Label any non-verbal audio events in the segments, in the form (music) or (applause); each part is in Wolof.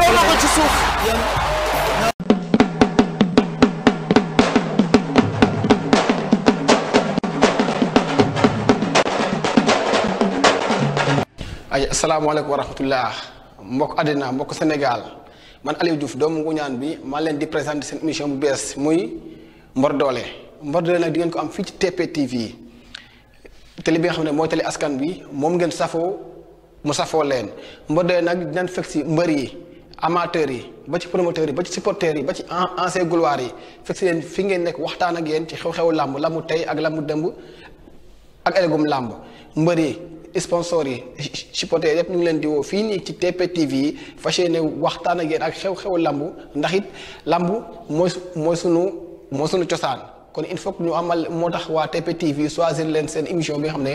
Assalamualaikum warahmatullah. ko ci suuf ay asalaamaaleykum wa rahmatullah mbokk àddina mbokk man Aliou Diouf doomu Nguñaan bi ma leen di présenter sen émission bu bes muy Mbor dole Mbor dole nak di ngeen ko am fi ci TP TV télé bi nga xamné moy télé askan bi mom ngeen safo mu safo leen Mbor dole nak dinañ fekk si yi amateurs yi ba ci promoteurs yi ba ci supporters yi ba ci anciens gloires yi fekk si leen fi ngeen nekk waxtaan a yéen ci xew-xewu làmb lamu tey ak lamu dëmb ak elegum làmb mbër yi sponsors yi supporters yëpp ñu ngi leen di woo fii nii ci TP TV yi fas yéene waxtaan a yéen ak xew-xewu làmb ndax it làmb mooy mooy sunu mooy sunu cosaan kon il faut ñu amal moo tax waa TP TV choisir leen seen émission bi nga xam ne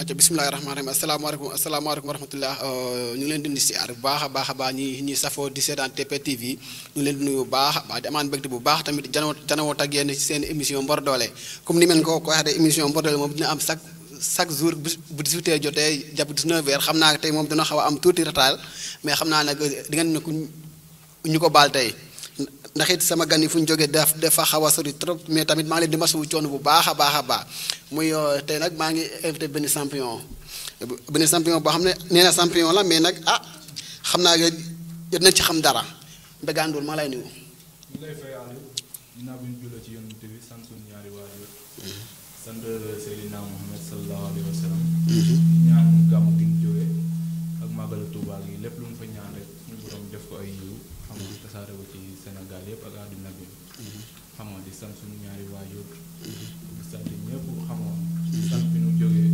aca si rahmaani rahim asalaamaaleykum asalaamaaleykum wa rahmatullah euh, ñu ngi leen di nuyu si aar bu baax a baax a baax ñi ñuy safoo di seetaan TP TV ñu leen di bu baax a baax di amaan mbégte bu baax tamit janoo janoo ak yéen ci seen émission Mbor Doole comme ni meen ko ko waxee émission Mbor moom dina am chaque chaque jour bu 18 heures jotee jàpp 19 xam naa tey moom dina xaw a am tuuti retard mais xam naa nag di ngeen ñu ko baal tey ndax it sama gan yi fu ñu def daf dafa xaw sori trop mais tamit maa leen di masawu coono bu baax a baax a baax muy euh, tey nag maa ngi invité benn champion benn champion boo xam ne nee na champion la mais nag ah xam naa na ci xam dara Mbéga Ndour maa lay nuyu. Mm-hmm. tasaare ko ci Sénégal yëpp ak àdduna bi mm-hmm. xamoon di sant suñu ñaari waajur mm-hmm. di sant ñëpp xamoon di sant bi ñu jógee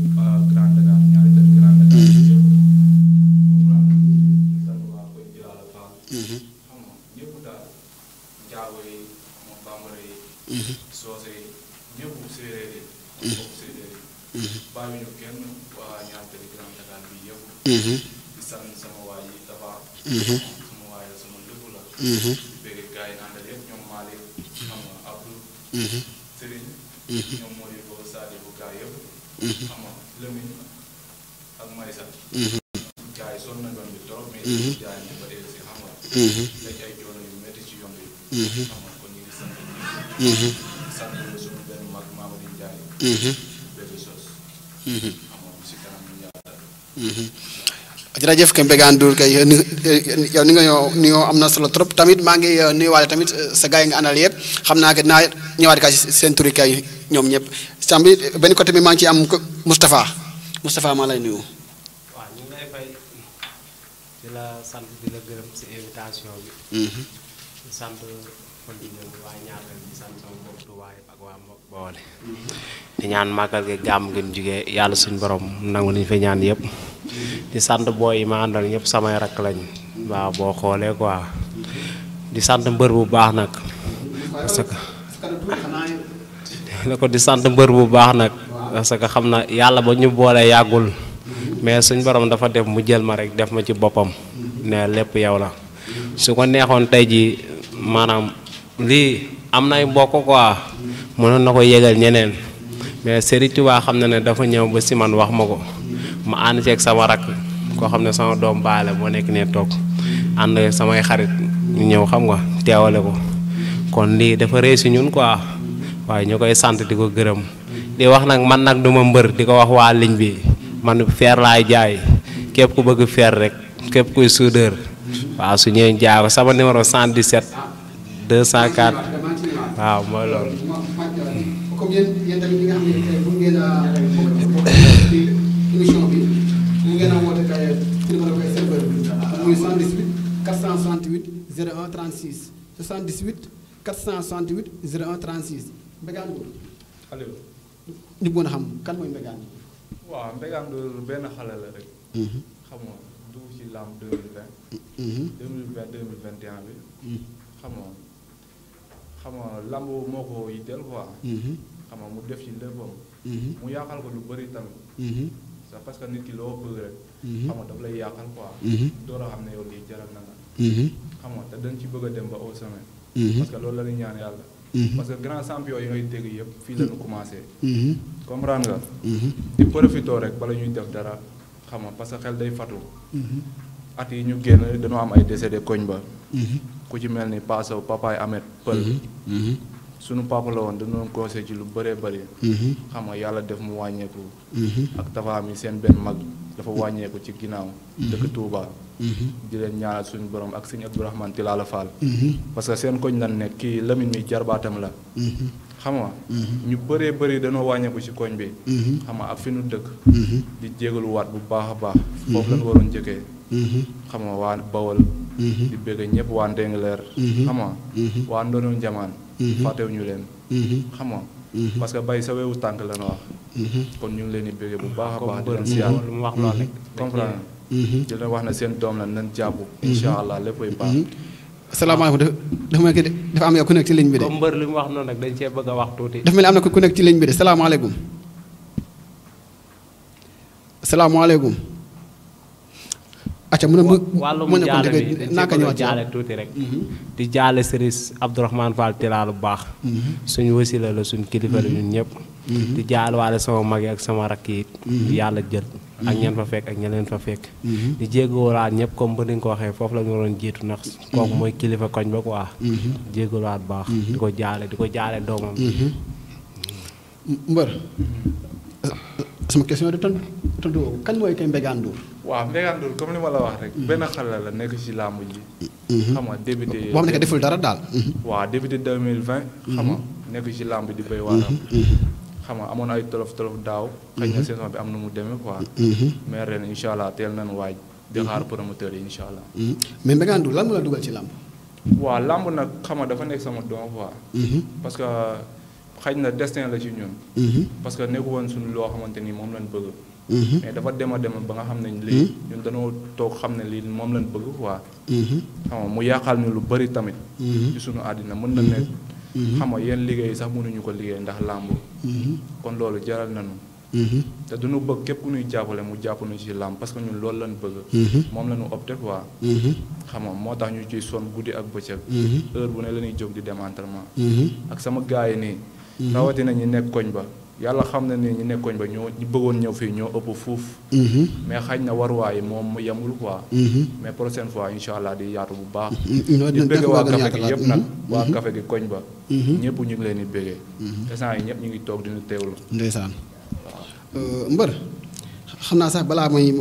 Grand Dakar ñaari tali Grand Dakar yëpp mm-hmm. di sant waa koy jëlaala Fall xamoon ñëpp daal njaago yi moom bambara yi soose yi ñëpp séeréer yi bokk séeréer yi bàyyi ñu kenn waa ñaari tali Grand Dakar bi yëpp di sant sama waaj yi dafa bëgg gars yi àndal yëpp ñoom Malick xam nga Abdou Serigne ñoom Mori boo Sadi bu gars yëpp xam nga Lamine ak Marissa gars yi sonn na yoon bi trop mais jaay ñu ba dee si xam nga dañ ay coono yu métti ci yoon bi xam nga kon ñu ngi sant ñëpp sant la suñu benn mag Mamadi Ndiaye bébé sos xam nga si kanam ñu yàlla jërëjëf kempe ga ndur kay yow ni eh, nga yow ni yow amna solo trop tamit maa ngi nuyuwaale tamit sa gars yi nga àndal yëpp xam naa que naa ñëwaat kay seen turi kay ñoom ñëpp sambi benn côté bi maa ngi ci am Moustapha Moustapha maa lay nuyu. waaw ñu ngi fay di la sant di la gërëm si invitation bi. Mhm. di sant kon di ñëw waa di sant sama mbokk Tuubaa ak waa mbokk Bawol mhm. di ñaan màggal gi gàmm gi mu jugee yàlla suñu borom nangu li ñu ñaan yëpp. di sant booy yi ma àndal ñëpp samay rakk lañ waaw boo xoolee quoi di sant mbër bu baax nag ne (laughs) ko di sant mbër bu baax nag parce que xam na yàlla ba ñu boolee yàggul mais suñ borom dafa def mu jël ma rek def ma ci boppam ne lépp yow la su ko neexoon tey ji maanaam lii am nay mbokk quoi mënoon na ko yégal ñeneen mais Serigne waa xam na ne dafa ñëw ba si man wax ma ko ma ànd ceeg sama rakk koo xam ne sama doom baale moo nekk ne toog ànd samay xarit ñu ñëw xam nga teewale ko kon lii dafa rëy si ñun quoi waaye ñu koy sant di ko gërëm di wax nag man nag du ma mbër di ko wax waa ligne bi man fer laay jaay képp ku bëgg fer rek képp kuy soudeur waa su ñëwee jaay sama numéro 117 204 waaw mooy loolu. comme yéen yéen tamit ngeen a woote kay numéro bi serveur bi muy 78 468 01 36 78 468 01 36 Mbégane Ndour. allo. ñu mën a xam kan mooy Mbégane. waaw Mbégane Ndour benn xale la rek. Mhm. xam nga dugg ci làmb 2020. 2020 mhm. bi. Mhm. xam nga xam nga làmb moo ko yitteel quoi. xam nga mu def ci léppam. mu yàqal ko lu bëri tamit. sax parce que nit ki loo bëgg rek. Mhm. xam daf lay yàqal quoi. Mhm. door a xam ne yow lii jaral na la. Mhm. xam nga te dañ ci bëgg dem ba au sommet. parce que loolu la ñuy ñaan yàlla. parce grand champion yi ngay dégg yëpp fii la ñu commencé. comprendre nga. di profitoo rek bala ñuy def dara xam nga parce que xel day fatu. at yi ñu génn dañoo am ay décédé koñ ba. ku ci mel ni Paa Sow Papaye Pël. sunu papa la woon dañu doon ci lu bëree bëri. Mhm. xam nga yàlla def mu wàññeeku. Mhm. ak tafa mi seen benn mag dafa mhm. wàññeeku ci ginnaaw. dëkk Touba. di leen ñaanal suñu borom ak sëñ Abdourahmane Tilala Fall. parce que seen koñ lan nekk kii Lamine mi jarbaatam la. xam nga. ñu bëree bëri danoo wàññeeku ci koñ bi. xam nga ak fi nu dëkk. di jégaluwaat bu baax a baax. foofu lañ waroon njëkkee. xam nga waa Bawol. di bëgg ñëpp waa Ndengler. xam nga waa Ndono Njamaan. Mhm. fàttewuñu leen. Mhm. xam nga mhm. parce que bay sa wewu tànk la ñu wax. kon ñu ngi leen di bëggee bu ah, baax a baax. di leen siyaar lu mu wax loolu rek. comprendre di leen wax ne seen doom la nañ jàpp. incha allah léppay baax. asalaamaaleykum dafa mel ni dafa am ku nekk ci ligne bi de. comme mbër li mu wax cee bëgg wax tuuti. dafa mel ni am na bi de acca mën a mën na ko dégg naa ko ñëwaat ci jaale tuuti rek. Mm-hmm. di jaale Serigne Abdourahmane Fall Tilaa lu baax. Mm-hmm. suñu wasila la suñu kilifa la ñun ñëpp. Mm-hmm. di jaal waale sama mag ak sama rakk yi. yàlla jël. ak ñeen fa fekk ak ña fekk. di jégaluwaat ñëpp comme bu ni ko waxee foofu lañu ñu waroon jiitu ndax. kooku mooy kilifa koñ ba quoi. jégaluwaat baax. di ko jaale di ko jaale doomam. Mbër sama question de tontu tontu woo kañ mooy kay Mbégane Ndour waaw Mbégane Ndour comme li ma la wax rek. benn xale la nekk ci làmb ji. Mhm. xam nga débuté. boo xam ne deful dara daal. Mhm. waaw débuté deux mille vingt. xam nga mhm. nekk ci làmb di béy waaram. xam nga amoon ay tolof tolof daaw. xëy na saison bi am na mu demee quoi. mais ren incha allah teel nañu waaj. di xaar promoteur yi incha allah. mais Mbégane Ndour lan moo la dugal ci làmb. waaw làmb nag xam nga dafa nekk sama doom quoi. parce que xëy na destin la ci ñun. parce que nekku woon suñu loo xamante ni moom lañ bëgg. Mm-hmm. mais dafa dem a dem ba nga xam ne lii. Mm-hmm. ñun dañoo toog xam ne lii moom lañ bëgg quoi. Mm-hmm. xam nga mu yàqal ñu lu bëri tamit. ci sunu àddina mën na ne. xam nga yenn liggéey sax mënuñu ko liggéey ndax làmb. kon loolu jaral nañu. te duñu bëgg képp ku ñuy jàppale mu jàpp ñu ci làmb parce que ñun loolu lañ bëgg. moom la ñu opté quoi. xam nga moo tax ñu ciy sonn guddi ak bëccëg. heure bu ne la ñuy jóg di dem entraînement. ak sama gars yi nii. rawatina ñi nekk koñ ba. yàlla xam na ni ñu nekkoon ba ñoo ñu bëggoon ñëw fii ñoo ëpp fuuf. Mhm. mais xañ na waruwaay moom mu yemul quoi. Mhm. mais prochaine fois incha allah di yaatu bu baax. Mhm. di bëgg waa kafe gi yëpp nag. waa kafe gi koñ ba. ñëpp ñu ngi leen di bëggee. instant yi ñëpp ñu ngi toog dina teewlu. ndeysaan euh, mbër xam naa sax balaa may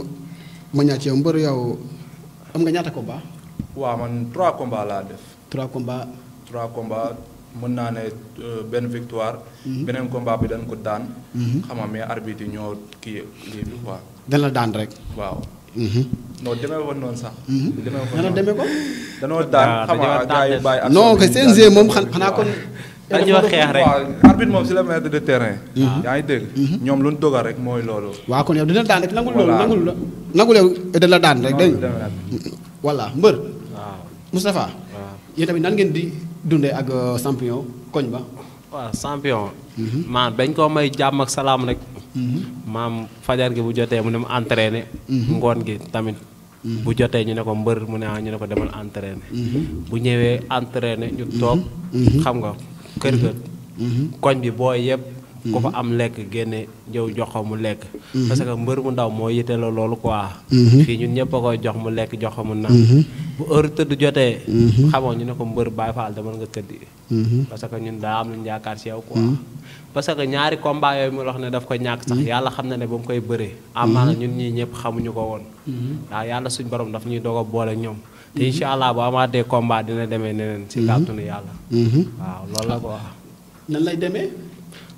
ma ñaat yow mbër yow am nga ñaata combat. waaw man trois combats laa def. trois combats. trois combats. mën naa ne euh, benn victoire. Mhm. beneen combat bi dañ ko daan. Mhm. xam nga mais arbitre yi ñoo kii lii bi quoi. dana daan rek. waaw. Mhm. non demee woon noonu sax. demee woon noonu demee ko. danoo daan ah, xam nga gars yi bàyyi. non que CNG xanaa kon. dañoo xeex rek arbitre moom si la maître de terrain. yaa ngi dégg. ñoom lu ñu rek mooy loolu. waaw kon yow dina daan rek nangul loolu nangul la. nangul yow mbër. waaw Moustapha. tamit nan ngeen di. dundee ak euh, champion koñ ba. waaw champion. maam dañ koo may jàmm ak salaam rek. maam fajar gi bu jotee mu ne mu entraîné. ngoon gi tamit. bu jotee ñu ne ko mbër mu ne ah, ñu ne ko demal entraîné. bu ñëwee entraîné ñu toog. Mhm. xam nga kër ga. Mhm. koñ bi booy yëpp. ku fa mhm. am lekk génne jox ko mu lekk mhm. parce que mbër mu ndaw moo yite la loolu quoi mhm. fii ñun ñëpp a koy jox mu lekk jox ko mu naan bu heure tëdd jotee xamoo ñu ne ko mbër Baay Faal dama nga tëdd parce que ñun daa am lu yaakaar si yow quoi parce que ñaari combat yooyu mu wax ne daf ko ñàkk yàlla xam na ne ba mu koy bëree amaana ñun ñii ñëpp xamuñu ko woon waaw yàlla suñ borom daf ñuy doog a boole ñoom te incha allah bu amaatee combat dina demee neneen si kàttanu yàlla waaw loolu la ko wax nan lay demee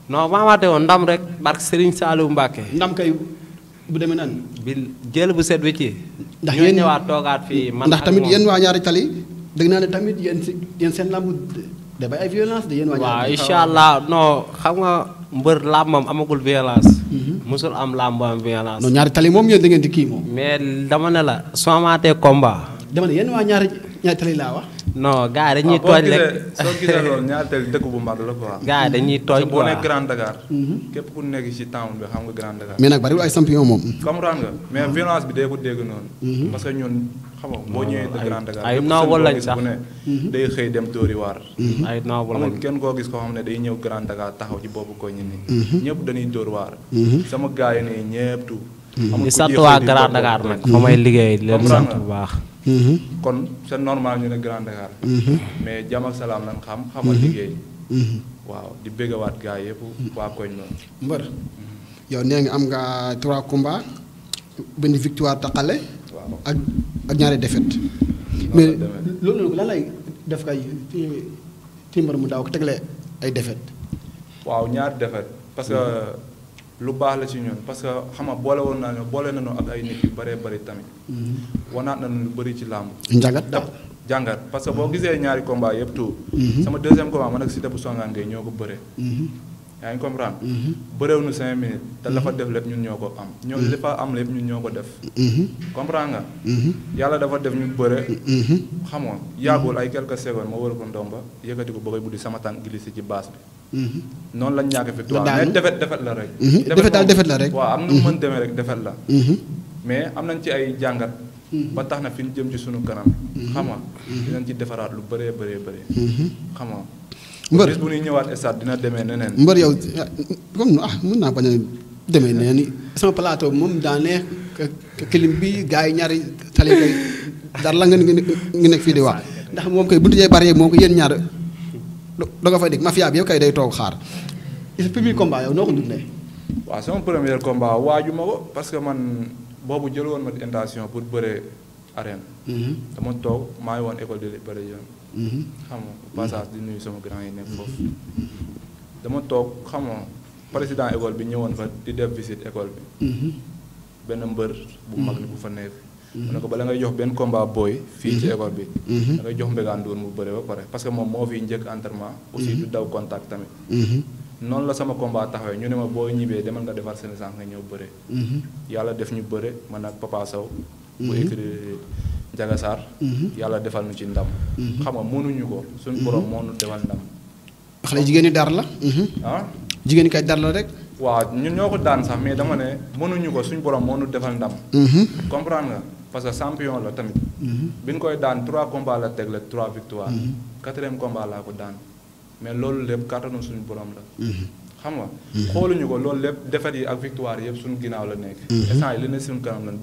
no ma waté on ndam rek bark serigne salou mbake ndam kay bu demé nan bil jël bu set wéti ndax yeen ñëwa togaat fi man ndax tamit yeen wa ñaari tali deug na tamit yeen yeen sen lambu de bay ay violence de yeen wa ñaari wa inshallah no xam nga mbeur lambam amagul violence mhm. musul am am violence no ñaari tali mom yeen da ngeen di ki mom mais dama ne la so combat dama yeen wa ñaari ñaari tali la wax non gars ah, dañuy tooñ rek soo gisee loolu ñaareel dëkk bu mag la quoi. gars dañuy tooñ quoi boo nekk Grand Dakar. Mhm. képp ku nekk si town bi xam nga Grand Dakar. mais nag bariwul ay champion moom. Mhm. bi dee ko dégg noonu. Mhm. que ñun xam nga boo ñëwee de Grand Dakar. ay noobal lañ sax day xëy dem Dóori waar. ay noobal lañ amul kenn koo gis koo xam ne day ñëw Grand Dakar taxaw ci boppu koñ nii. ñëpp dañuy Dóor waar. sama gars yi nii ñëpp tuut. waa Grand Dakar nag. fa may liggéey leen sant bu baax. Mm-hmm. kon c'est normal ñu ne Grand Dakar. Mm-hmm. mais jàmm ak salaam lan xam. xamal mm-hmm. liggéey. waaw di béggawaat gaa yëpp waa koñ noonu. mbër yow nee nga am nga trois combats benn victoire taqale. waaw ak ak ñaari défaite. mais loolu lan lay def kay ci mu daaw ko tegle ay défaite. waaw ñaari défaite parce lu baax la ci ñun parce que xam nga boole woon naa boole nañu ak ay nit yu bëree bëri tamit. Mm-hmm. wanaat nañu lu bëri ci làmb. njàngat daf jàngat parce que boo gisee ñaari combat yëpp tuur. Mm-hmm. sama deuxième combat man ak Siteu bu Songaan Gueye ñoo ko bëree. Mm-hmm. yaa ngi comprendre. Mm-hmm. bëreew nu cinq minutes. te la fa mm-hmm. def lépp ñun ñoo ko am. Mm-hmm. ñoo li fa am lépp ñun ñoo ko def. comprendre nga. yàlla dafa def ñu bëre. xam nga yàggul ay quelques secondes ma wër ko ndomba yëkkati ko ba koy buddi sama tànk glissé ci baas bi. noonu lañ ñàkk victoire mais defet defet la rek. defet daal defet la rek. waaw am na mu mën demee rek defet la. mais am nañ ci ay jàngat. ba tax na fi ñu jëm ci suñu kanam. xam nga dinañ ci defaraat lu bëree bëree bëri. xam nga. mbër bis bu ñuy ñëwaat stade dina demee neneen. mbër yow comme ya, ah mën naa bañ a demee nee ni sama plateau moom daa neex kilim bi gars yi ñaari tali koy dara la nga ngi nekk fii di wax ndax moom koy bu ñu tijjee bari moom ko yéen ñaar da nga fay dégg mafia bi yow kay day toog xaar il premier combat yow noo ko dundee. waaw sama premier combat waaju ma ko parce que man boobu jël woon ma intention pour bëre arène. Mhm. dama toog maa ngi école de bëre Mm-hmm. xam nga passage di nuyu sama grand yi nekk foofu. Mm-hmm. dama toog xam nga président école bi ñëwoon fa di def visite école bi. Mm-hmm. benn mbër bu mag bu fa nekk. mu ne ko bala ngay jox benn combat booy. fii ci école bi. da ngay jox Mbégaan Ndour mu bëre ba pare parce que moom moo fiy njëkk entraînement. aussi du daw contact tamit. noonu la sama combat taxawee ñu ne ma boo ñibbee demal nga defar seen sànq nga ñëw bëre. yàlla def ñu bëre man ak Papa Sow mu mhm. écrit Ndiaga Sarr mhm. yàlla defal nu ci ndam mhm. xam nga mënuñu ko suñ borom moo nu defal ndam xale jigéen ñi dar la ah jigéen ñi kay dar la rek waaw ñoo ko daan sax mais dama ne mënuñu ko suñ borom moo nu defal ndam comprendre nga parce que champion la tamit bi ñu koy daan trois combats la teg la trois victoires quatrième combat laa ko daan mais loolu lépp kattanu suñu borom la xam nga xooluñu ko loolu lépp défaite yi ak victoire yëpp suñu ginnaaw la nekk instant ne suñu kanam lan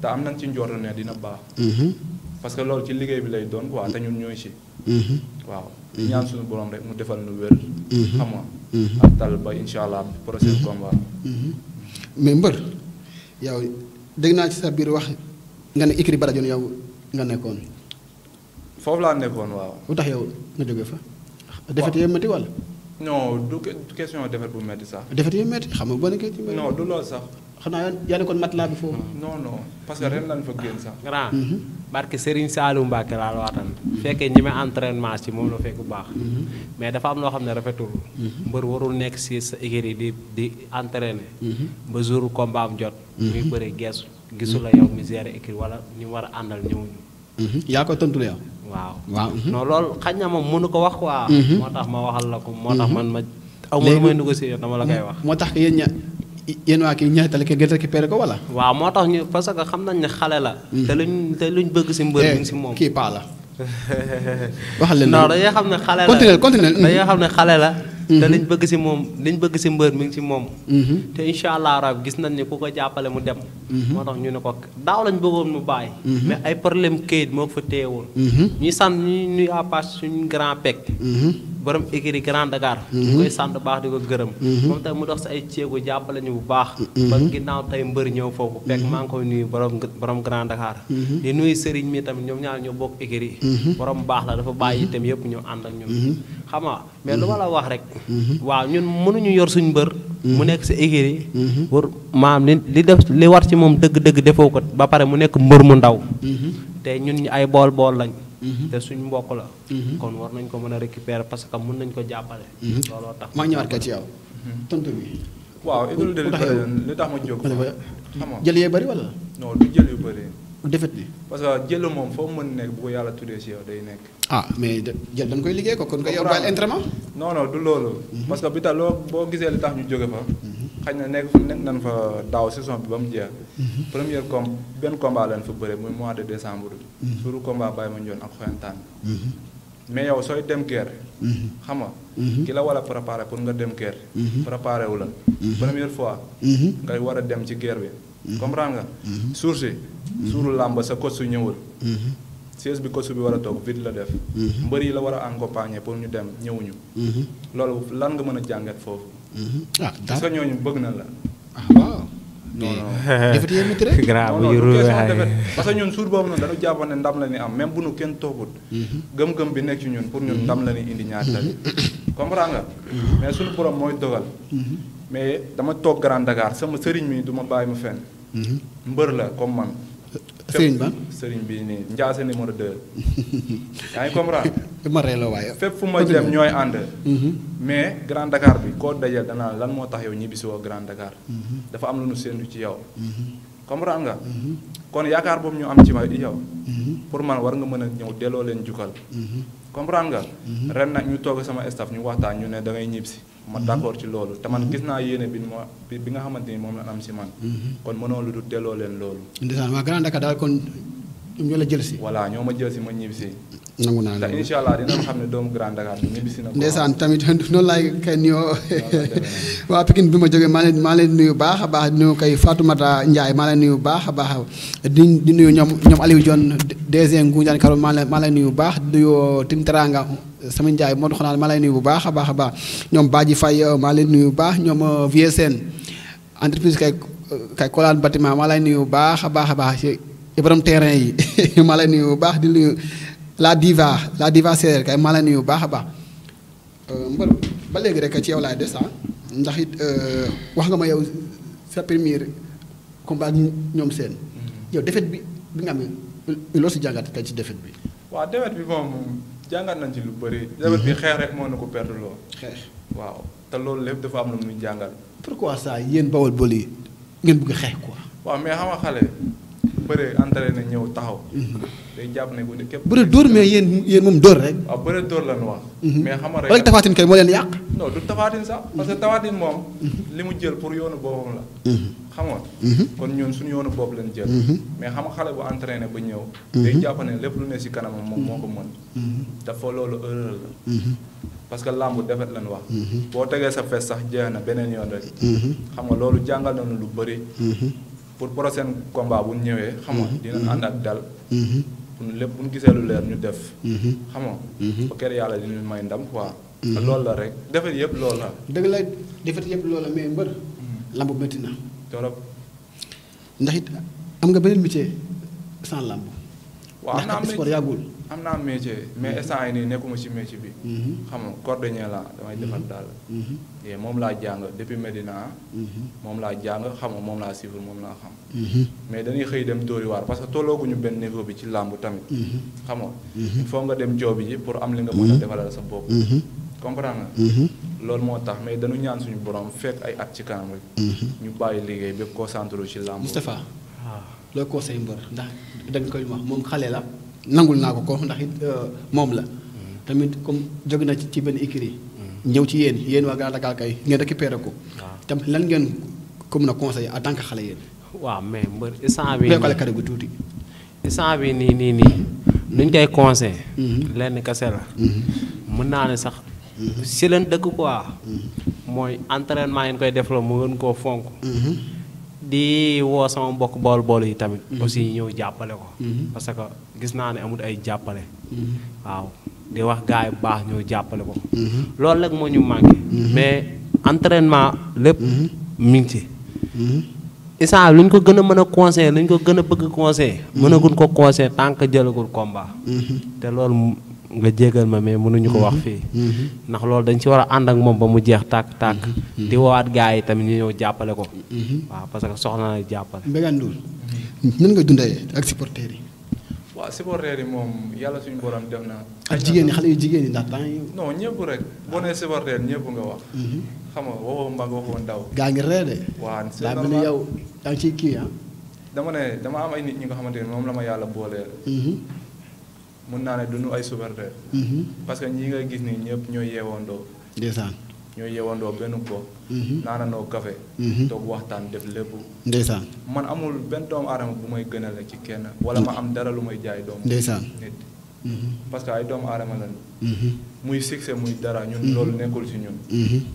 te am nañ ci njort nee dina baax. Mhm. parce que loolu ci liggéey bi lay doon quoi te ñun ñooy si. Mhm. waaw mhm. ñaan suñu borom rek mu defal nu wér. xam nga ak tal ba incha mais mbër yow dëgg naa ci sa biir wax nga ne écrit barajon yow nga nekkoon. foofu laa nekkoon waaw. lu tax yow nga jóge fa. waaw defet yee métti wala. non du question defet bu métti sax. defet yee métti xam nga bu ci. non du loolu sax. xanaa yàlla kon matla bi foofu. non non parce que ren lañ fa génn sax. grand mhm. barke Serigne Saalum Mbacke la waatal. Mhm. fekke ñi me entraînement ci moom la fekk bu baax. Mhm. mais dafa am lo xamne rafetul. mbeur warul nek ci sa égérie di di entraîner. ba jour combat am jot. muy bëri geesu gisu la yow misère écrit wala ñu wara andal ñu ñëwuñu. yaa ko tontu la yow. waaw waaw. non loolu xagna mom mënu ko wax quoi. motax ma waxal la ko. moo man ma amul ma may négocier dama la kay wax. motax yeen yéen yéen waa kii ñaxitale ke gën récupéré ko wala. waaw moo tax ñu parce que xam nañ ne xale la. Hmm. te luñ te luñ bëgg si mbër mi eh, si moom kii paa la. (laughs) waxal leen non dañuy xam ne xale la continué continué dañuy xam ne xale la. te liñ mhm. bëgg si moom liñ bëgg si mbër mi ngi si moom. Mhm. te incha allah rab gis nañ ni ku ko jàppale mu dem. Mhm. moo tax ñu ne ko daaw lañ bëggoon mu bàyyi. mais ay problème kayit moo ko fa téyewoon. woon sant ñuy nuyu à part suñu grand pec. borom écurie Grand sant baax di ko gërëm. moom tamit mu dox si ay ceebu jàppale ñu bu baax. ba ginnaaw tey mbër ñëw foofu. fekk maa ngi koy nuyu borom borom Grand Dakar. di nuyu sëriñ mi tamit ñoom ñaar ñoo bokk écurie yi. borom baax la dafa bàyyi itam yëpp ñu ànd ak ñun. xam nga mais ma Mm-hmm. waaw ñun mënuñu yor suñu mbër. Mm-hmm. mu nekk si écurie. pour mm-hmm. maam li li def li war ci moom dëgg-dëgg defoo ko ba pare mu nekk mbër mu ndaw. te ñun ay bool-bool lañ. te suñ mbokk la. kon war nañ ko mën a récupérer parce que mun nañ ko jàppale. looloo tax ma ñëwaat kat ci yow. tontu bi. waaw idole de li tax ma jóg. xam nga jël yee bëri wala. non jël yu bëri. defet bi. parce que jël moom foo mën nekk bu ko yàlla tuddee si yow day nekk. ah mais jël dañ koy liggéey ko kon nga yow daal entraînement. non non du loolu. Mhm. parce que bi tax loo boo gisee li tax ñu jóge fa. Mhm. xañ na nekk nekk nañ fa daaw saison bi ba mu jeex. Mhm. première com benn combat lañ fa bëre muy mois de décembre. suuru combat Baye Mandione ak Xoyantaan. mais yow sooy dem guerre. xam nga. ki la war a préparer pour nga dem guerre. préparer wu la. première fois. ngay war a dem ci guerre comprendre nga suur si suuru sa coach su ñëwul mm-hmm. bi coach bi wara tok vite la def mm-hmm. mbeuri la wara accompagner pour ñu dem ñewuñu mm-hmm. loolu lan nga mëna jangat fofu ah parce que bëgg na la ah waaw non non (laughs) am même bu nu kenn toogut gëm-gëm bi nekk indi mais dama tok Grand Dakar sama serigne mi du ma bàyyi hmm mbeur la comme man. serigne ba serigne bi ni ndiasse numéro 2. (laughs) yaa comprendre. ma ree way fep fuma dem ñoy and hmm mais Grand Dakar bi ko dajal dana lan mo tax yow ñibbisi woo Grand Dakar. hmm dafa am lu ñu sendu ci yow. hmm comprendre nga. hmm kon yaakar bu ñu am ci ma yow. hmm pour man war nga mëna ñew delo len jukal hmm comprendre nga. Mhm. ren nak ñu togg sama staff ñu waxtaan ñu ne da ngay ñibbisi. ma mhm. d'accord ci loolu te man mhm. gis naa yéene bi ma bi nga xamante ni moom la am si man. Mhm. kon mënoo lu dul delloo leen loolu. ndeysaan waa Grand Dakar daal kon ñoo la jël si. voilà ñoo ma jël si ma ñibbisi. nangu naa la te incha allah dina xam ne doomu Grand Dakar bi ñibbisi na. ndeysaan tamit (laughs) noonu laay kay nuyoo (laughs) waa Pikine bi ma jógee maa leen maa leen nuyu baax a baax di nuyu kay Fatoumata njaay maa leen nuyu baax a baax di di nuyu ñoom ñoom Aliou Dione DG Ngunjaan Karo maa leen maa leen nuyu baax di nuyu Tim sama njaay moo doxanaan maa lay nuyu bu baax a baax a baax ñoom Badji Faye euh, maa leen nuyu bu baax ñoom euh, VSN entreprise kay euh, kay kolaan batiment maa lay nuyu bu baax a baax a baax ci borom terrain yi (laughs) maa lay nuyu bu baax di nuyu la diva la diva séeréer kay maa bu baax a baax mbër ba léegi rek ci yow laay des ah, ndax it wax nga ma yow sa premier combat ñoom seen mm-hmm. yow defet bi bi nga xam ne si jàngat kay ci defet bi waaw defet bi moom jàngat nañ ci lu bëri. jabar bi mhm. xeex rek moo na ko perte loo. xeex waaw te loolu lépp dafa am lu muy jàngal. pour pourquoi saa yéen bawal bool yi ngeen bëgg xeex ko waaw mais xam nga xale bëre entraîné ñëw taxaw. Mhm. day jàpp ne bu ne képp. dóor mais yéen yéen moom dóor rek. waaw bëre dóor lan wax. Mhm. mais xam nga rek wala tafaatin kay moo leen yàq. non tafaatin sax parce que tafaatin moom. li mu jël pour yoonu boppam la. xam nga. Mhm. kon ñun suñu yoonu bopp lañ jël. Mhm. mais xam xale bu entraîné ba ñëw. Mhm. day jàpp lépp lu ne si kanamam moom moo ko mën. dafa loolu erreur la. parce que làmb defet lañ wax. boo tegee sa fees sax jeex na beneen yoon rek. xam nga loolu jàngal nañu lu bëri. pour prochain combat bu ñëwee. xam nga dina ànd ak dal. pour lépp bu ñu gisee lu leer ñu def. xam nga. ba kër yàlla dinañ may ndam quoi. loolu la rek defet yëpp loolu la. dëgg la defet yëpp loolu mais mbër. lamb torop ndax it am nga beneen métier sans làmb. waaw am sport yàggul am naa métier mais mm-hmm. instant yi nii nekkuma ci métier bi. Mm-hmm. xam nga cordonnier laa damay mm-hmm. defar daal. et moom laa jàng depuis Medina. moom laa jàng xam nga moom laa suivre moom laa xam. mais dañuy xëy dem tóori waar parce que tollooguñu benn niveau bi ci làmb tamit. xam nga. il faut nga dem joobi ji pour am li nga mën a defaral sa bopp. comprendre nga. loolu moo tax mais dañu ñaan suñu borom fekk ay at ci kanam rek. Mhm. ñu bàyyi liggéey ba concentré ci làmb. Moustapha waaw ah. conseil mbër ndax da koy wax moom xale la nangul naa ko ko ndax it euh, moom la. Mhm. tamit comme jóge na ci benn écurie mhm. ñëw ci yéen yéen waa Grand Dakar kay ngeen récupéré ko. Ah. tam lan ngeen ko mën a conseiller en tant xale yéen. waaw mais mbër instant bii. béykat kare gu tuuti. instant bii nii nii nii. nuñ koy conseillé. lenn ka la. mën naa ne sax. si leen dëkk quoi. mooy entraînement yi ñu koy def la mu gën koo fonk. di woo sama mbokk bool-bool yi tamit. aussi ñëw jàppale ko. parce que gis naa ne amut ay jàppale. waaw di wax gars yi baax ñëw jàppale ko. loolu rek moo ñu manqué. mais entrainement lépp. mi ngi ci. instant lu ñu ko gën a mën a conseillé lu ñu ko gën a bëgg conseillé. mënaguñ ko conseillé tant que jëlagul combat. nga jégal ma mais mënuñu ko wax mm-hmm. fii mm-hmm. ndax loolu dañ ci war a ànd ak moom ba mu jeex tàkk tàkk mm-hmm. di wawaat gaa yi tamit ñu ñëw jàppale ko waaw parce que soxla na jàppale Mbégaan Ndour nan nga dundee ak supporters yi waaw supporters yi moom yàlla suñu borom def na ak jigéen ñi xale yu jigéen yi ndax temps yi ñëpp rek boo nee supporters ñëpp nga wax xam nga waxoo mbag waxoo gaa ngi reede waaw daa mel ni yow yaa ngi kii ah dama ne dama am ay nit ñi nga xamante ne moom la ma yàlla booleel mun naa ne duñu ay supporter mhm. parce que ñi nga gis ni ñëpp ñooy yeewandoo ndeysaan ñooy yeewandoo benn ko mhm. naanandoo café mhm. toog waxtaan def lépp ndeysaan man amul benn doomu aadama bu may gënale ci kenn wala ma am dara lu may jaay doomu ndeysaan nit parce que ay doomu aadama lañu muy succès muy dara ñun loolu nekkul ci ñun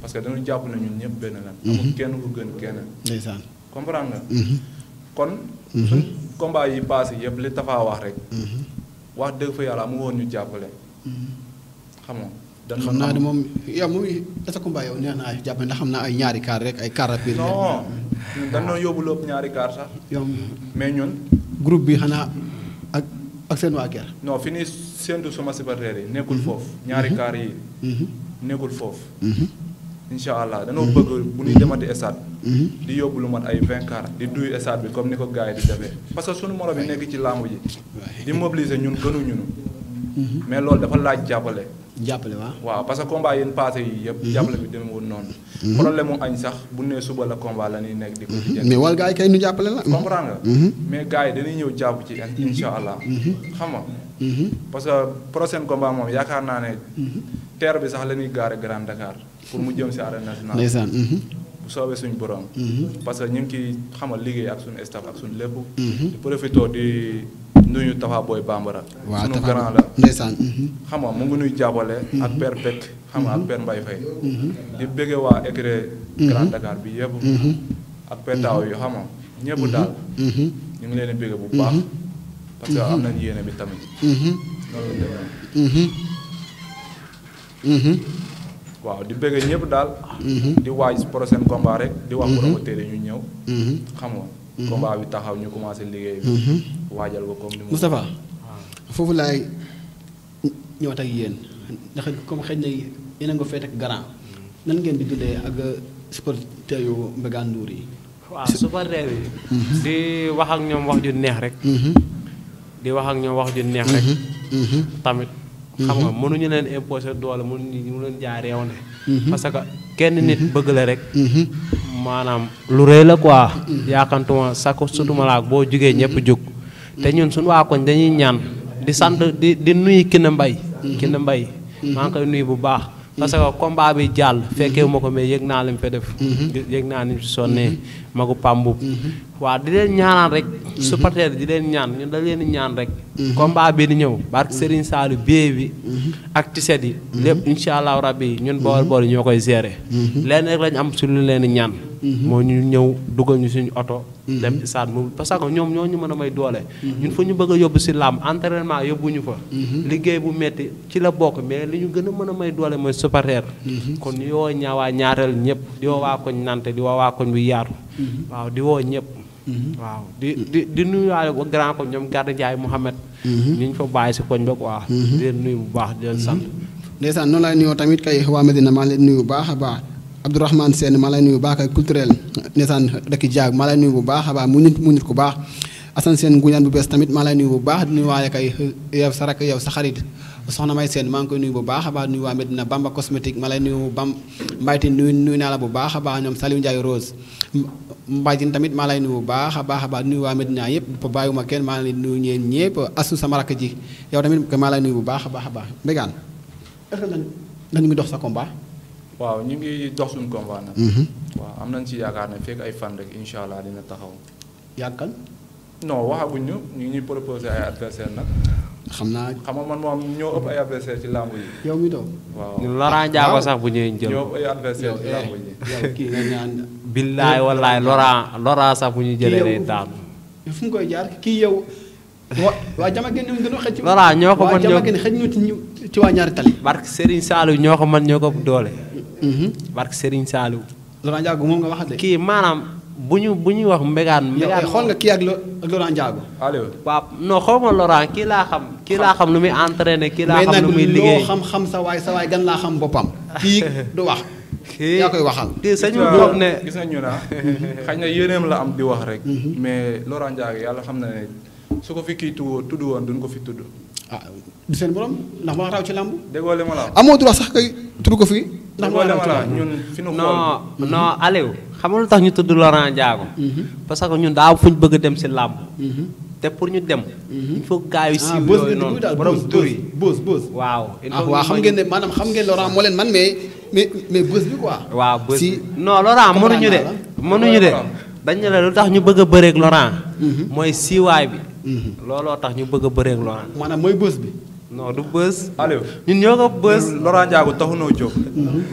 parce que dañu jàpp nañu ñun ñëpp benn lan amul kenn ku gën kenn ndeysaan comprendre nga kon suñ yi passé yëpp li tafaa wax rek wax dëgg fa yàlla mu woon ñu jàppale. xam nga. dañ xam naa ne moom yow moom dafa ko mbaa yow nee naa jàppale ndax xam naa ay ñaari kaar rek ay kaar rapide. non dañ doon yóbbu lépp ñaari kaar sax. yow mais ñun. groupe bi xanaa ak ak seen waa kër. fi ñuy séntu suma supporters yi nekkul mhm. foofu. ñaari mhm. kaar yi. Mhm. nekkul foofu. incha allah danoo bëgg bu ñuy demati stade mhm. di yóbbu lu mat ay vingt car di duy stade bi comme ni ko gars di defee parce que suñu morom yi nekk ci làmb ji di mobiliser ñun gënu ñunu mhm. mais loolu dafa laaj jàppale jàppale waaw waaw parce que combat yéen passé yi yëpp mhm. jàppale bi demee woon noonu problème mu añ sax bu nee suba la combat la ñuy nekk di ko mais wala gars yi kay ñu jàppale la comprendre nga mais gars yi ñëw jàpp ci incha allah xam nga parce que prochain combat moom yaakaar naa ne terre bi sax la ñuy gaare Dakar pour mu jëm si arène nationale. ndeysaan. Mhm. bu soobee suñu borom. Mhm. parce que ñu ngi ciy xamal liggéey ak suñu staff ak suñu lépp. Mhm. di profité di nuyu Tafa Boy Bambara. waaw suñu grand nga mu ngi nuy jàppale. ak Père Beck xam nga ak Père Mbaye Faye. di bëggee waa écurie Grand Dakar bi yëpp. ak Père Daaw yu xam nga daal. ñu ngi leen bëggee bu baax. parce que am nañu yéene bi tamit. loolu Mm-hmm. Wow, di bëgg ñëpp daal mm-hmm. di waaj prochain combat rek di wax mm-hmm. promoteur ñu ñëw xam nga combat bi taxaw ñu commencé liggéey bi waajal ko comme ni mu Moustapha foofu laay ñëwaat ak yéen ndax comme xëy na yéen a nga feet ak grand nan ngeen di dundee ak supporter yu yi waaw di wax ak ñoom wax ju di wax ak ñoom wax ju tamit xam nga mhm. mënuñu leen imposer doole mënuñu mu leen jaay réew ne parce que kenn nit mhm. bëgg la rek mhm. maanaam lu rëy la quoi yaakantuma sako sutuma laak boo jugee ñëpp jug te ñun suñu waa koñ dañuy ñaan di sant di di nuyu Kiné Mbaye Kiné Mbaye maa ngi koy nuyu bu baax parce que combat bi jàll fekkee ma ko mais yëg naa lim fa def yëg naa lim sonnee magu pàmbu mhm. waaw di leen ñaanal rek supporter di leen ñaan ñu da leen ñaan rek mhm. combat bi di ñëw barke mhm. Serigne saalu bie bi ak tiset yi lépp insha allahu yi ñun bool bool ñoo koy gérer leen rek lañ am suñu leen ñaan moo ñu ñëw dugal suñu oto dem ci saat que ñoom ñoo ñu mën a may doole ñun fu ñu bëgg a yóbbu ci làmb entraînement yóbbuñu fa liggéey bu metti ci la bokk mais li ñu gën a mën a may doole mooy supporter kon yoo ñaawaa ñaareel ñëpp di woo waa koñ nante di woo waa koñ bu Mm-hmm. waaw di woo ñëpp. Mm-hmm. waaw di di di nuyuwaale ba grand ko ñoom Garda Ndiaye Mouhamed. Mm-hmm. ñu ñu fa bàyyi si koñ ba quoi. di nuyu bu baax di leen sant. ndeysaan noonu laay nuyoo tamit kay waa Medina maa leen nuyu bu baax a baax. Abdourahmane Sène maa lay nuyu bu baax ak culturel ndeysaan rek jaag maa lay nuyu bu baax a baax mu nit mu nit ku baax Assane Sène nguñaan bu bees tamit maa lay nuyu bu baax di nuyuwaale kay yow sa rakk yow sa xarit. soxna may seen maa ngi koy nuyu bu baax a baax nuyu waa Medina Bamba cosmétique ma lay nuyu bam mbaytin nuyu nuyu naa bu baax a baax ñoom Saliou Ndiaye Rose mbaytin tamit maa lay nuyu bu baax a baax a baax nuyu waa Medina yëpp bàyyiwuma kenn maa lay nuyu ñeen ñëpp asu sama rakk ji yow tamit maa lay nuyu bu baax a baax a baax mbégaan ngi dox sa combat waaw ñu ngi dox suñu combat mm-hmm. waaw am nañ ci yaakaar ne fekk ay fan rek incha allah dina taxaw yàggal non waxaguñ ñu ñu ñuy proposé ay adversaire nag. xam naa xam nga man moom ñoo ëpp ay adversaire ci lamb yi. yow mi doon waaw. sax bu ñu jëlee day daanu. fu mu koy jaar kii yow. wa waa jama gën ñoo gën a xëcc. Laurent ñoo ko ci waa ñaari tali. barke Serigne Saliou ñoo ko mën ñoo ko doole. Mhm. barke Serigne Saliou. Laurent Ndiago moom nga waxate kii maanaam. bu ñu bu ñuy wax mbégaan mbégaan xool nga kii ak Laurent Ndiago waaw non xaw ma Laurent kii laa xam kii laa xam lu muy entraîné kii laa xam lu muy liggéey xam sa waay sa waay laa xam boppam (laughs) kii du wax yaa koy waxal kii sañu toog ne gis nga ñu la am di wax rek mhm. mais Laurent yàlla xam na ne su ko fi kii tudd woon duñ ko fi tudd ah seen borom ndax ma raw ci làmb déggoo li ma sax kay tudd ko fi ndax voilà ñun fi ñu non lu tax ñu tudd Laurent Ndiago. Mhm. parce que ñun daa ñu bëgg dem si làmb. Mhm. te pour ñu dem. Mhm. il faut yi ah, siiw yooyu noonu borom tur yi bës bës waaw ah, waaw xam ngeen ne maanaam xam ngeen Laurent moo leen man mais mais mais bës bi quoi. waaw bës si non Laurent mënuñu de. mënuñu de dañ ne la lu tax ñu bëgg a bëreeg Laurent. mooy siiwaay bi. looloo tax ñu bëgg a bëreeg Laurent. maanaam mooy bës bi. non du bës. Aliou ñun ñoo ko bës Laurent Ndiago taxunoo jóg.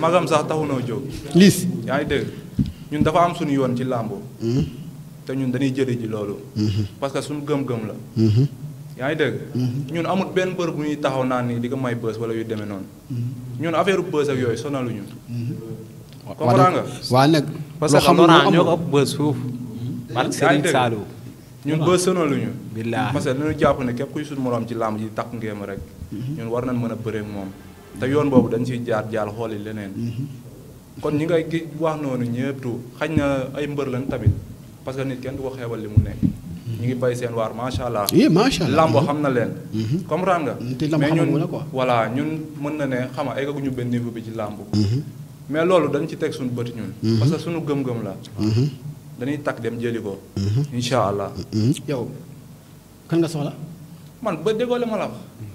magam sax taxunoo jóg. liis yaa ngi dégg ñun dafa am suñu yoon ci làmbo te ñun dañuy jëli ji loolu. parce que suñu gëm-gëm la. yaa ngi dégg. ñun amul benn bër bu ñuy taxaw naan ni di ko may bës wala yu demee noonu. ñun affaire bës ak yooyu sonaluñu. comprends nga. waaw nag loo xam ne parce que Laurent ñoo ko ëpp bës foofu. barke Serigne ñun ba sonaluñu. billaahi parce que dañu jàpp ne képp kuy suñu morom ci làmb ji takk ngéem rek. Mhm. ñun war nañ mën a bëre moom. te yoon boobu dañu ciy jaar jaar xooli leneen. Mhm. kon ñi ngay gi wax noonu ñëpp xañ na ay mbër lañ tamit parce que nit kenn du ko xeebal li mu nekk. Mhm. ñu ngi bay seen waar macha allah. oui macha allah lambo xam na leen. comprendre nga. mais ñun voilà ñun mën na ne xam nga eggaguñu benn niveau bi ci làmb mais loolu dañ ci teg suñu bët ñun. parce que suñu gëm-gëm la. dañuy takk dem jëli ko. Mm-hmm. incha allah. Mm-hmm. yow kan nga soxla. man ba déggoo la ma la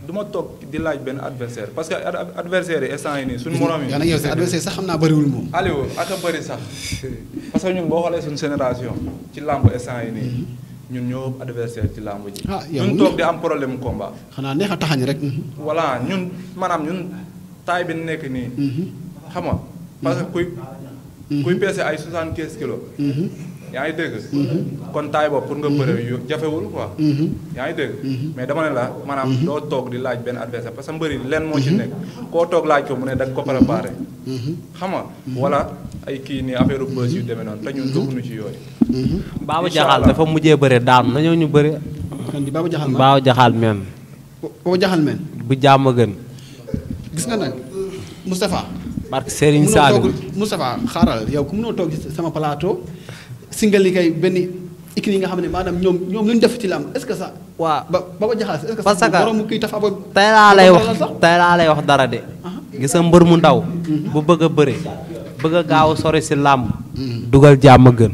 du ma toog di laaj benn adversaire parce que adversaire yi instant yi nii suñu morom yi. yow sa adversaire sax xam naa bëriwul moom. Aliou aka bëri sax (laughs) parce que ñun boo xoolee suñu sénération ci làmb instant yi nii. Mm-hmm. ñun ñoo adversaire ci làmb ji. ah yow ñun toog di am problème combat. xanaa neex a taxañ rek. voilà ñun maanaam ñun taay bi nu nekk nii. xam nga parce que kuy Mm-hmm. kuy peese ay soixante-quinze kilos. Mm-hmm. yaa ngi dégg. Mm-hmm. kon taay boobu pour nga bëre yu jafewul quoi. yaa ngi dégg. mais dama ne la maanaam doo toog di laaj benn adversaire parce que mbëri lenn moo ci nekk koo toog laaj ko mu ne da nga ko préparé. xam nga wala ay kii nii affaire bës yu demee noonu te ñun doxuñu ci yooyu. Baba Jaxal dafa mujjee bëre daanu nañoo ñu bëre. kan di Baba Jaxal Baba Jaxal men. Baba Jaxal men. bu jàmm gën. gis nga nag Moustapha. barke Serigne Saliou Moustapha xaaral yow ku mënoo toog sama palaato singal yi kay benn ikki yi nga xam ne maanaam ñoom ñoom lu def ci lamb est-ce que ça. waaw ba ba jaxase est-ce que. parce que borom kiy tafa ba. laa lay wax tey laa lay wax dara de. gis mbër mu ndaw. Mhm. bu bëgg a bëre bëgg a gaaw a sori si làmb mhm. dugal jàmm gën.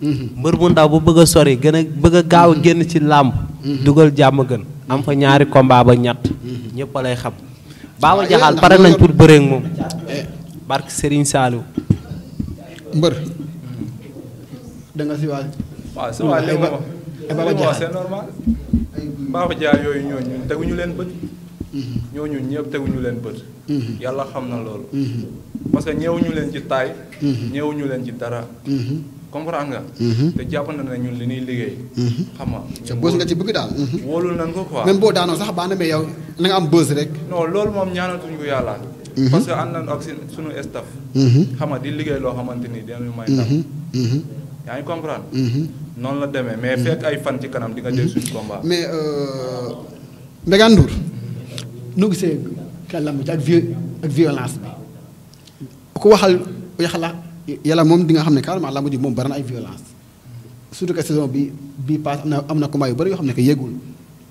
Mhm. mbër mu ndaw bu bëgg a sori gën a bëgg a gaaw génn ci làmb dugal jàmm gën. am fa ñaari combat ba ñett. ñëpp lay xam. Baba Jaxal pare nañ pour bëree ak moom eh, barke Serigne Saliou. mbër. Mm. da nga si waay. waaw si waay eh, yooyu ñooñu ñun teguñu leen bët. Mm-hmm. ñooñu ñëpp teguñu leen bët. Mm-hmm. yàlla xam na loolu. Mm-hmm. parce que ñëwuñu leen ci taay. ñu leen ci dara. comprendre nga. Mhm. te jàppante na ñun li ñuy liggéey. Mhm. xam nga te bës nga ci bëgg daal. Mhm. wóolul nañ ko quoi. même boo daanoo sax baax na mais yow na am bës rek. moom ñaanatuñ ko yàlla. parce que ànd nañ ak di liggéey loo xamante ni dinañu may ndam. yaa noonu la demee mais fekk ay fan ci kanam di nga jël suñu combat. mais euh, Mbégane Ndour. noo gisee kàllaama ji ak ak violence bi ku waxal yaxala yàlla moom di nga xam ne carrément lamb ji moom bari na ay violence surtout que saison bi bii paas am na am na combat yu bëri yoo xam ne ko yëgul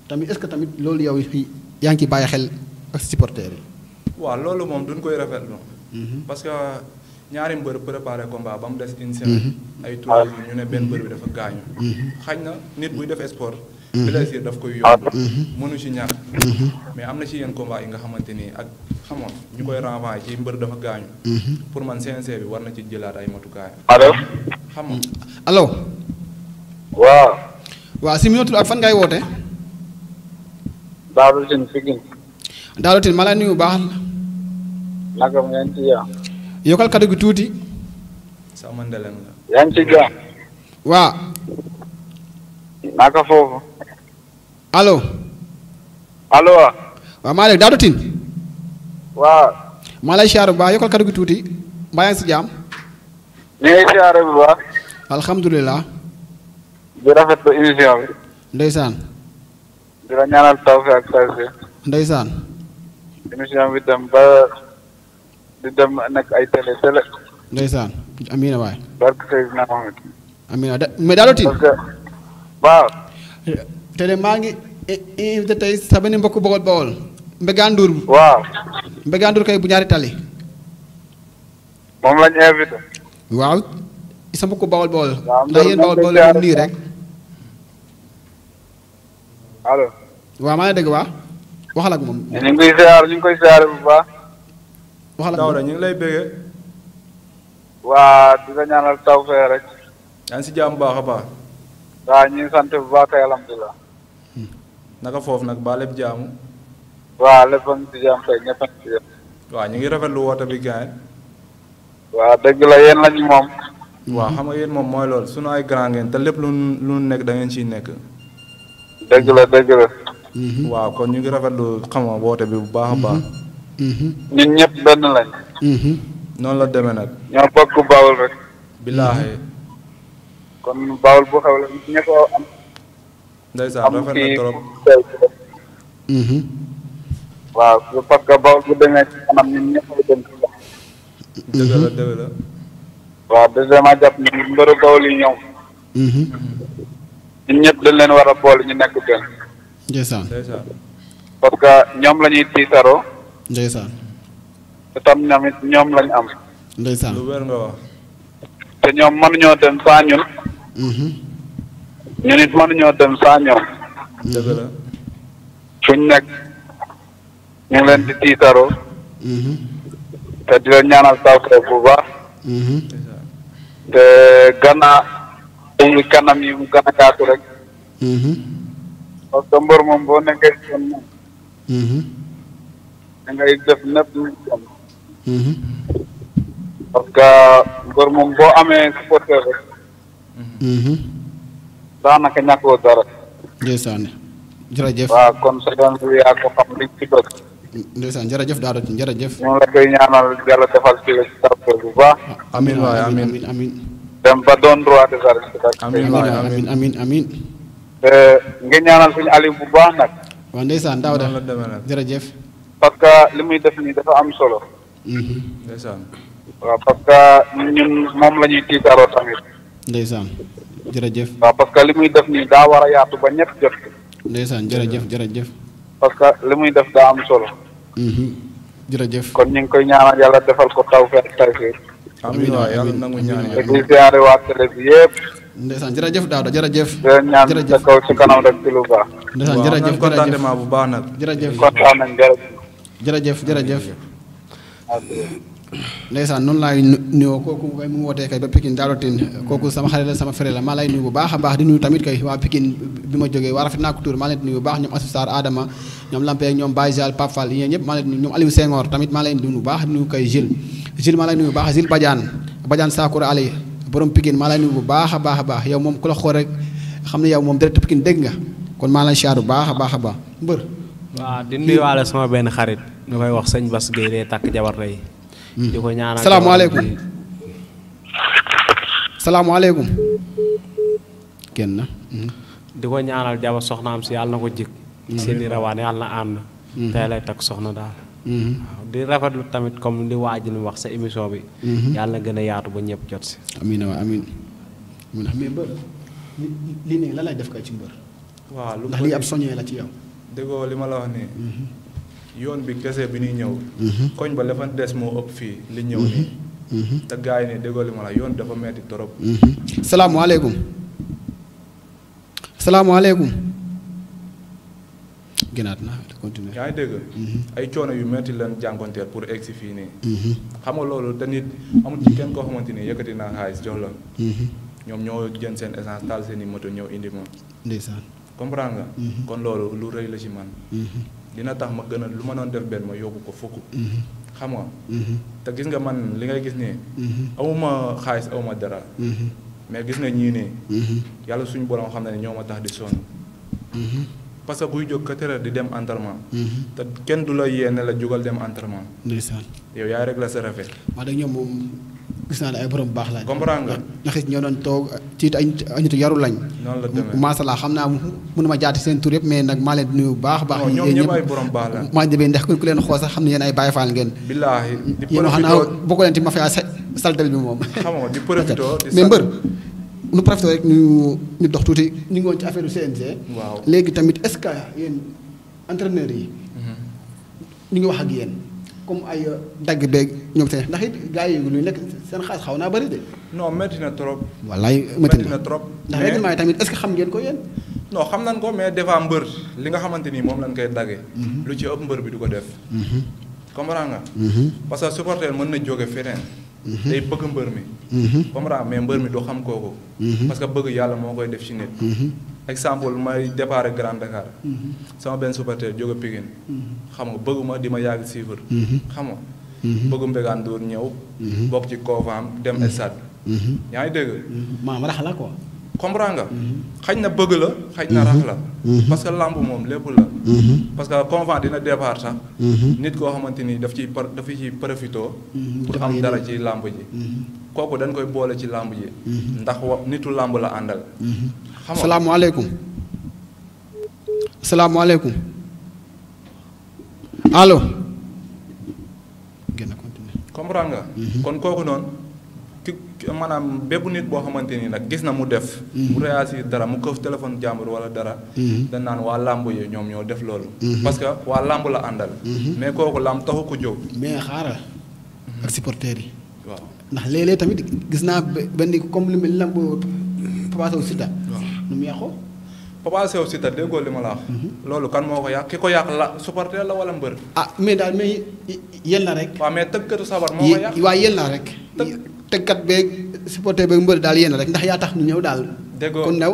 tamit est-ce que tamit loolu yow yaa ngi ciy bàyyi xel ak supporters yi. waaw loolu moom duñ koy rafetlu. Mm-hmm. parce que ñaari mbër préparé combat ba mu des une semaine. Mm-hmm. ay tour ñu ne benn mbër bi dafa gaañu. Mm-hmm. xañ na nit buy def sport. Mm-hmm. blessure daf koy yomb ah. mm-hmm. mënu ci ñàkk mm-hmm. mais am na ci yenn combat yi nga xamante ni ak xamoon ñu koy renvoyer ci mbër dafa gaañu pour man CNG bi war na ci jëlaat ay matukaay allo xam nga allo waaw waaw si ak fan ngay woote Daouda Tine Pikine Daouda Tine ma baax la naka ngeen yokkal kaddu tuuti sama ndeleen la yaa ngi ci jàmm waa naka foofu allo. allo. waaw Malick Daouda Tine. waaw. maa lay siyaare bu baax yokkal kaddu gi tuuti mbaa si jaam. ñu siyaare bu baax. alhamdulilah. bi. ndeysaan. di la ñaanal ndeysaan. bi dem ba ndeysaan Amina waay. Amina da mais Daouda Tine. parce te de maa ngi invité tey sa benn mbokk bogol bogol Mbégaan Ndour waaw Mbégaan kay bu ñaari tali moom lañ invité waaw sa mbokk bogol bogol ndax yéen bogol bogol moom nii rek allo maa ngi dégg waa wax ak moom ñu ngi koy siyaar ñu ngi koy siyaar bu baax waxal ak moom ñu ngi lay bëggee waa di nga ñaanal taw fee rek yaa si jàmm baax a baax waa ñu ngi sant bu baax kay alhamdulilah naka foofu nag baa lépp jaamu. waaw lépp a ngi ci jàmm tey ñëpp a ñu ngi rafetlu woote bi gars yi. dëgg la yéen lañ moom. waaw xam nga yéen moom mooy loolu sunu ay grand ngeen te lépp lu lu nekk da ngeen ciy nekk. dëgg la dëgg la. Mhm. waaw kon ñu ngi rafetlu xam nga woote bi bu baax a baax. Mhm. Mhm. ñun ñëpp benn lañ. noonu la demee nag. ñoo bokk bawul rek. billaahi. kon bawul bu xew la ñëpp am. ndeysaan rafet na trop mhm. waaw parce que Bawol bu demee ci kanam ñun ñëpp dem ci mhm. dëgg la dëgg la waaw deuxièmement jàpp mhm. dañ leen war a boole ñu nekk benn ndeysaan parce que ñoom la ñuy tiitaroo ndeysaan te tam ñamit ñoom lañ am ndeysaan lu te ñoom mënuñoo dem saa ñun ñu nit mënuñoo dem saa ñoom. dëgg nekk ñu ngi leen di tiitaro. Mm-hmm. te di leen ñaanal tawfeex bu baax. Mm-hmm. te gën a indi kanam yi mu gën a rek. Mm-hmm. parce que mbor moom boo nekkee seen moom. da ngay def nëpp nit ñi. parce que mbër moom boo amee supporter daanaka ñàkkoo dara. ndeysaan jërëjëf waaw kon sa yoon bi yaa ko xam li ci bëgg. ndeysaan jërëjëf daara ci jërëjëf. ñu la koy ñaanal defal ci la bu amin ah, waay amin amin amin. dem ba doon amin waay amin amin amin. Eh, nga ñaanal suñu Aliou bu baax nag. waaw ndeysaan daaw daal jërëjëf. parce que li def nii dafa am solo. ndeysaan. Mhm. waaw parce que ñun moom la ñuy tiitaroo tamit. Desa, jërëjëf waaw parce que li muy def nii daa war a yaatu ba ñëpp jot ndeysaan jërëjëf jërëjëf parce que li muy def daa am solo mhm. jërëjëf kon ñu ngi koy ñaanal yàlla defal ko tawfeex tawfeex amiin waay yàlla nangu ñaan yi di ziare waa télé bi yëpp ndeysaan jërëjëf Daouda jërëjëf ñaan sa kaw ci kanam rek ci lu baax ndeysaan jërëjëf kontaan bu baax nag jërëjëf kontaan nañ jërëjëf jërëjëf jërëjëf ndeysaan non laay nuyoo koku kay mu wote kay ba Pikine Daaro koku sama xarit la sama frère la maa lay nuyu bu baax baax di nuyu tamit kay wa Pikine bi ma jógee waa rafet naa ko tur maa leen di nuyu bu baax ñoom Assou Adama ñoom Lampé ñoom Baye Zial Pape Fall yéen ñëpp maa Aliou Senghor tamit malai leen di nuyu bu baax di nuyu kay Gilles Gilles maa lay baax Gilles Badiane Badiane Sakoura Ali borom Pikine malai lay nuyu bu baax a baax a baax yow moom ku la xool rek xam yow moom direct Pikine dégg nga kon maa lay siyaar bu baax a baax di baax mbër sama ben xarit ñu koy wax sëñ Bass Gueye takk jabar di ko ñaanal salaamaaleykum kenn di ko ñaanal jaba soxnaam si yàlla na ko jik seeni rawaan yàlla na ànd tey lay takk soxna daal waaw di rafetlu tamit comme li waa ji wax sa émission bi yàlla na gën a yaatu ba ñëpp jot si amiin waaw amiin mun a mais mbër li ne la lay def kay ci mbër waaw lu ndax lii ab soññee la ci yow déggoo li ma la wax nii mhm. yoon bi kese bi ñuy ñëw. Mhm. koñ ba la fa des moo ëpp fii li ñëw nii. Mhm. Mhm. te gars yi ne déggoo li ma la yoon dafa metti torop. salaamaaleykum. salaamaaleykum. gënaat naa continuer. yaa ngi dégg. ay coono yu metti leen jànkonteel pour egg si fii nii. xam nga loolu te nit amul kenn koo xamante ni yëkkati naa xaalis jox la. ñoom ñoo jën seen essence taal seen i moto ñëw indi ma. ndeysaan nga. kon loolu lu rëy la ci man. dina tax ma gën lu ma doon def benn ma yóbbu ko fukk. Mhm. xam nga. Mhm. te gis nga man li ngay gis ne. Mhm. awuma xaalis awuma dara. mais gis nga ñii nii. yàlla suñu borom xam ne ñoo ma tax di sonn. parce que buy jóg quatre heures di dem entraînement. te kenn du la yee ne la jógal dem entraînement. ndeysaan yow yaa rek la sa rafet. waa da ñoom gis naa ne ay borom bu baax lañ. comprendre nga ndax it ñoo doon toog ci ay nit yaru lañ. noonu la demee maasala xam naa mun mënuma jaati seen tur yëpp mais nag maa leen nuyu baax a baax. ñoom ñëpp ay borom baax lañ maa demee ndax ku leen xool sax xam ne yéen ay Baay Faal ngeen. billaahi di profité yéen wax naa bokk leen ci mafia saltel bi moom. (laughs) mais mbër. nu profité rek ñu ñu dox tuuti ñu ngi woon ci affaire du CNG. waaw léegi tamit est-ce que yéen entraîneurs yi. Mhm. ñu ngi wax ak yéen comme ay euh, dagg beeg ñoom seen ndax it gars yi lu nekk seen xaalis xaw naa bëri de. non métti na trop. wallaay métti na trop. ndax règlement yi tamit est xam ngeen ko yéen. non xam nañ ko mais des fois mbër li nga xamante ni moom lañ koy daggee. Mhm. lu ci ëpp mbër bi du ko def. Mhm. comprends nga. Mhm. parce que supporter mën na jóge feneen. day bëgg mbër mi. comprends mais mbër mi du xam kooku. parce que bëgg yàlla moo koy def ci nit. exemple may départ Grand Dakar. Mm-hmm. sama benn supporter jogo Pikine. Mm-hmm. xam nga bëgguma di ma sifur suivre. Mm-hmm. xam nga. bëggu mbégaan dóor ñëw. bokk ci koofaam dem stade. yaa ngi ma maam rax la quoi. comprends nga. xañ na bëgg la xañ na rax la. parce que lamb moom lépp la. parce que convent dina départ sax. nit ko xamante ni daf ciy par daf ciy profito. pour am dara ci lamb ji. kooku dañ koy boole ci lamb ji. ndax nitu lamb la andal salaamualeykum salaamualeykum allo. gën a continuer. comprendre mhm. kon kooku noonu. ki maanaam bépp nit boo xamante nii nag gis na mu def. Mhm. mu réagir dara mu këf téléphone jàmbur wala dara. Mhm. dañ naan waa làmb yi ñoom ñoo def loolu. parce que waa làmb la àndal. mais kooku làmb taxu ko jóg. mais xaaral. ak supporters yi. waaw ndax léeg-léeg tamit gis naa benn comme li mu lamb Papa Sow nu mu yàqoo. Papa Sow Siteu déggoo li ma la wax. Mhm. loolu kan moo ko yàq ki ko yàq la supporter la wala mbër. ah mais daal mais yéen la rek. waaw mais tëggkatu sabar moo ko yàq. waaw yéen la rek. tëgg tëggkat beeg supporter beeg mbër daal yéen rek ndax yaa tax ñu ñëw daal. déggoo kon new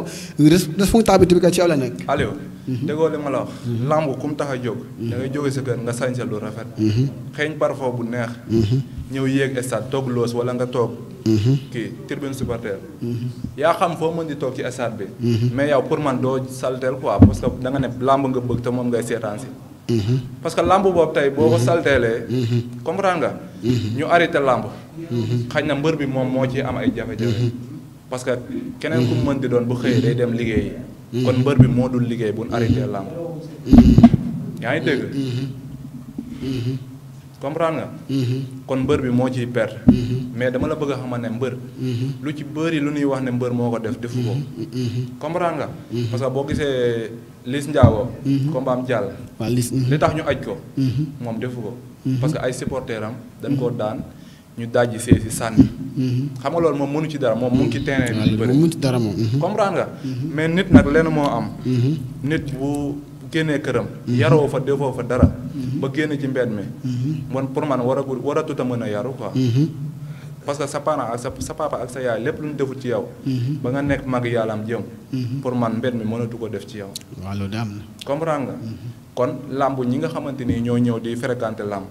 responsabilité bi kat ci yow la nekk. alo mhm. déggoo li ma la wax. Mhm. lamb ku mu tax a jóg. Mhm. da ngay jóge sa kër nga sañse lu rafet. xeeñ parfum bu neex. ñëw yéeg stade toog loos wala nga toog. kii tribune supporter. yaa xam foo mën di toog ci stade bi. mais yow pour man doo saltel quoi parce que da nga ne lamb nga bëgg te moom ngay seetaan si. parce que lamb boobu tey boo ko salteelee. comprendre nga. ñu arrêté lamb. xañ na mbër bi moom moo ci am ay jafe-jafe. parce que keneen ku mu mën di doon bu xëyee day dem liggéey mm-hmm. kon mbër bi moo dul liggéey bu nu arrêté làmb mm-hmm. yaa ngi dégg mm-hmm. nga kon mbër bi moo ci perte mais dama la bëgg a xamal ne mbër lu ci bëri lu ñuy wax ne mbër moo ko def defu ko comprendre nga parce que boo gisee Liss Ndiago combat am jàll li tax ñu aj ko moom defu ko parce que ay supporter am dañ koo daan ñu dajji see si sànni. Mhm. xam nga loolu moom mënu ci dara moom mu ngi ci terrain bi. waaw mënu ci dara moom. Mhm. comprendre nga. Mhm. mais nit nag lenn moo am. nit bu génnee këram. yaroo fa defoo fa dara. ba génn ci mbedd mi. man pour man waragul waratut a mën a yaru ko parce que sa parent ak sa sa ak sa yaay lépp lu ñu defut ci yaw ba nga nekk mag yàllaam jëm. pour man mbedd mi mënatu ko def ci yow. waaw loolu daam na. comprendre nga. kon làmb ñi nga xamante ni ñoo ñëw di fréquenter làmb.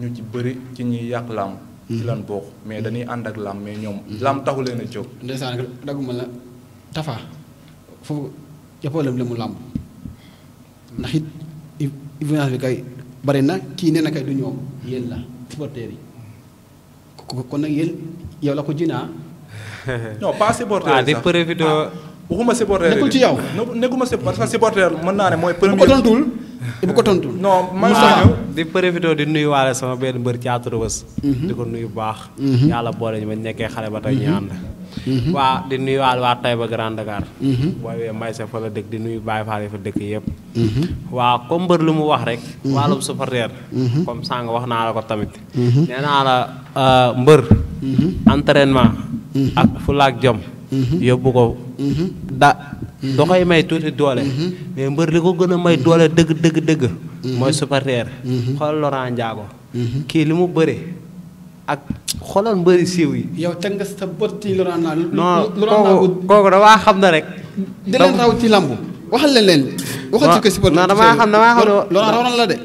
ñu ci bëri ci ñuy yàq làmb. ci boo bokk mais dañuy ànd ak lam mais ñoom mhm. lam taxu leen a jóg ndeysaan dagguma la tafa foofu jàppalem la mu làmb ndax it violence bi na kii nee na kay du ñoom yéen la supporters yi kon nag yéen yow la ko jinaa non pas supporters yi ah, sax waxuma supporter que ba tey ñu mhm. ànd. Mhm. waa di nuyu waale waa Taïba Grand Dakar. Mhm. booy wee may fa la dëkk di nuyu Baye Fall fa dëkk yëpp. waa comme mbër lu mu wax rek. wàllum supporter. comme sàng wax naa la ko tamit. nee naa la euh, mbër. entraînement. ak fulaak jom. Mm-hmm. yóbbu ko mm-hmm. da da koy may tuuti doole mm-hmm. mais mbër li ko gën a may doole dëgg dëgg dëgg mooy supporter xool Laurent Ndiago kii li mu bëre ak xoolal mbëri siiw yi yow teg nga sa bët ci Laurent non kooku xam na rek dinañ raw ci lamb waxal leen leen waxal la de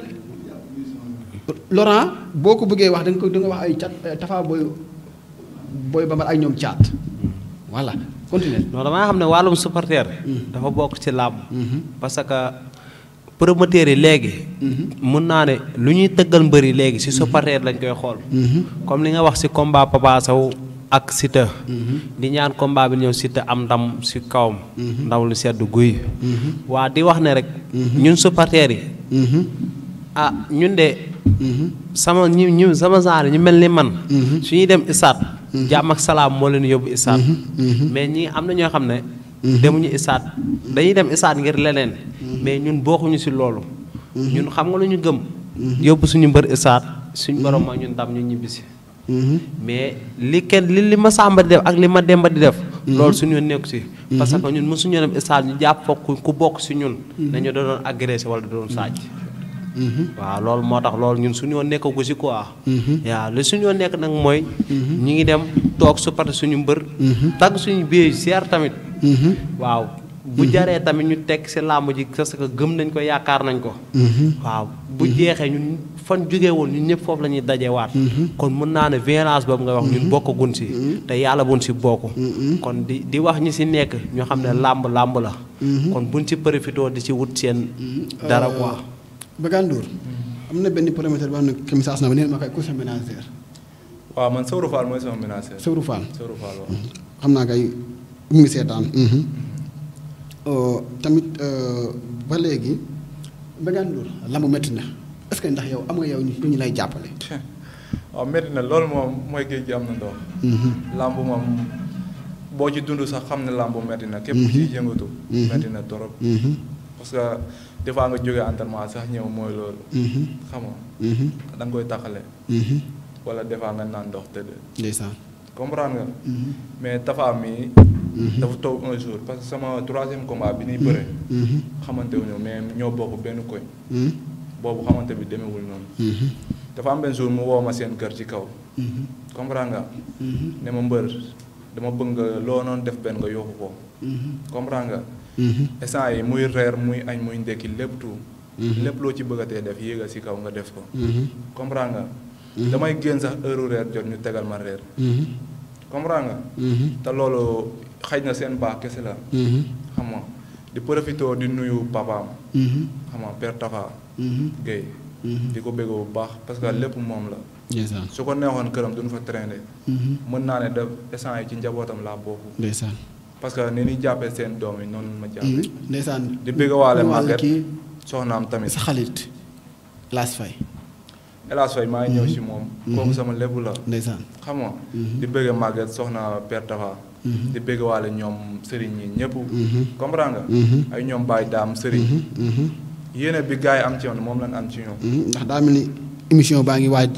Laurent boo ko bëggee wax danga ko da nga wax ay cat Tafa Boy Boy ñoom caat voilà continue non damaa xam ne wàllum supporter dafa bokk ci làmb parce que promoteurs yi léegi mun naa ne lu ñuy tëggal mbër yi léegi si supporter lañ koy xool comme li nga wax si combat Papa ak Siteu di ñaan combat bi ñëw Siteu am ndam si kawam ndaw lu sedd guy mhm. waa di wax ne rek mhm. ñun supporter yi mhm. ah ñun de. sama ñu ñu sama yi ñu mel ni man. su ñuy dem isaat. jàmm ak salaam moo leen yóbbu isaat. mais ñi am na ñoo xam ne. demuñu isaat dañuy dem isaat ngir leneen. mais ñun bokkuñu si loolu. ñun xam nga lu ñu gëm. yóbbu suñu mbër isaat suñu borom ma ñun ndam ñu ñibbisi. mais li kenn li li ma sàmba di def ak li ma demba di def. loolu suñu nekku si parce que ñun mësuñu dem isaat ñu jàpp fa ku bokk si ñun. dañu doon agressé wala doon sàcc. Mm-hmm. wa lol moo tax loolu ñun suñu yoon nekkagu si quoi ya mm-hmm. le suñu yoon nekk nak moy mm-hmm. ñi ngi dem su pat suñu mbeur tag suñu biey ziar tamit waaw bu jaree tamit ñu tek ci lamb ji sax ko gëm nañ ko yaakar nañ ko waaw bu jeexee ñun fan jugé won ñun ñëpp fofu lañuy dajé waat kon mën na ne violence boobu nga wax ñun gun ci té yalla buñ ci bokku kon di di wax ñi ci nekk ñu xamné lamb lamb la kon buñ ci profito di ci wut sen dara euh, quoi Bagaane Ndour am na benn promoteur boo xam ne commissaire na ma nee ma kay ku sa ménagère. waaw man Sowru Fall mooy sama ménagère. Sowru Fall Sowru Fall mm-hmm. xam naa kay mu ngi seetaan. Mm-hmm. Oh, tamit euh, ba léegi Bagaane Ndour lamb métti na est ndax yow am nga yow ñu ñu lay jàppale. (laughs) waaw métti na loolu moom mooy géej gi am na ndox. Mm-hmm. lamb moom boo ci sax xam ne lamb métti na. képp ku ciy yëngatu. na torop. parce que des fois nga jógee entraînement sax moy lool hmm xam nga. hmm da nga koy hmm wala des fois nga dox té tëdd. ndaysan comprendre nga. hmm mais tafa mi. da fa toog un jour parce que sama troisième combat bi ni béré hmm mhm. xamanté wu ñu mais ñoo bokk benn koñ. Mhm. bobu xamanté bi démé wul non hmm dafa am ben jour mu woo ma seen kër ci kaw. hmm comprendre nga. Mhm. ne ma mbeur dama bëng lo non def ben nga yokku ko. hmm comprendre nga. instant mm-hmm. yi muy reer muy añ muy ndekki lépp tout. Mm-hmm. lépp loo ci bëggatee def yéegal si kaw nga def ko. Mm-hmm. comprendre nga. damay génn sax heure reer jot ñu tegal ma reer. comprendre nga. te loolu xëy na seen baax kese la. xam nga di profité di nuyu papaam. xam nga père Tafa. di ko bëggoo bu baax parce que lépp moom la. su ko neexoon këram duñu fa traîner. mën naa ne def instant yi ci njabootam laa bokk. parce que ni ñuy jàppee seen doom yi noonu ma jàppee. ndeysaan di bëgg waale màgget soxnaam tamit sa xalit Lass Faye. Lass Faye maa ngi ñëw si mhm. moom. Mhm. kooku sama lépp la. xam nga. Mhm. màgget soxna Père Tafa. ñoom Serigne ñi ñëpp. comprendre nga. ay ñoom Baye Dame Serigne. yéene bi gars yi am ci yoon moom lañ am ci ñoom. ndax daa mel ni émission baa ngi waaj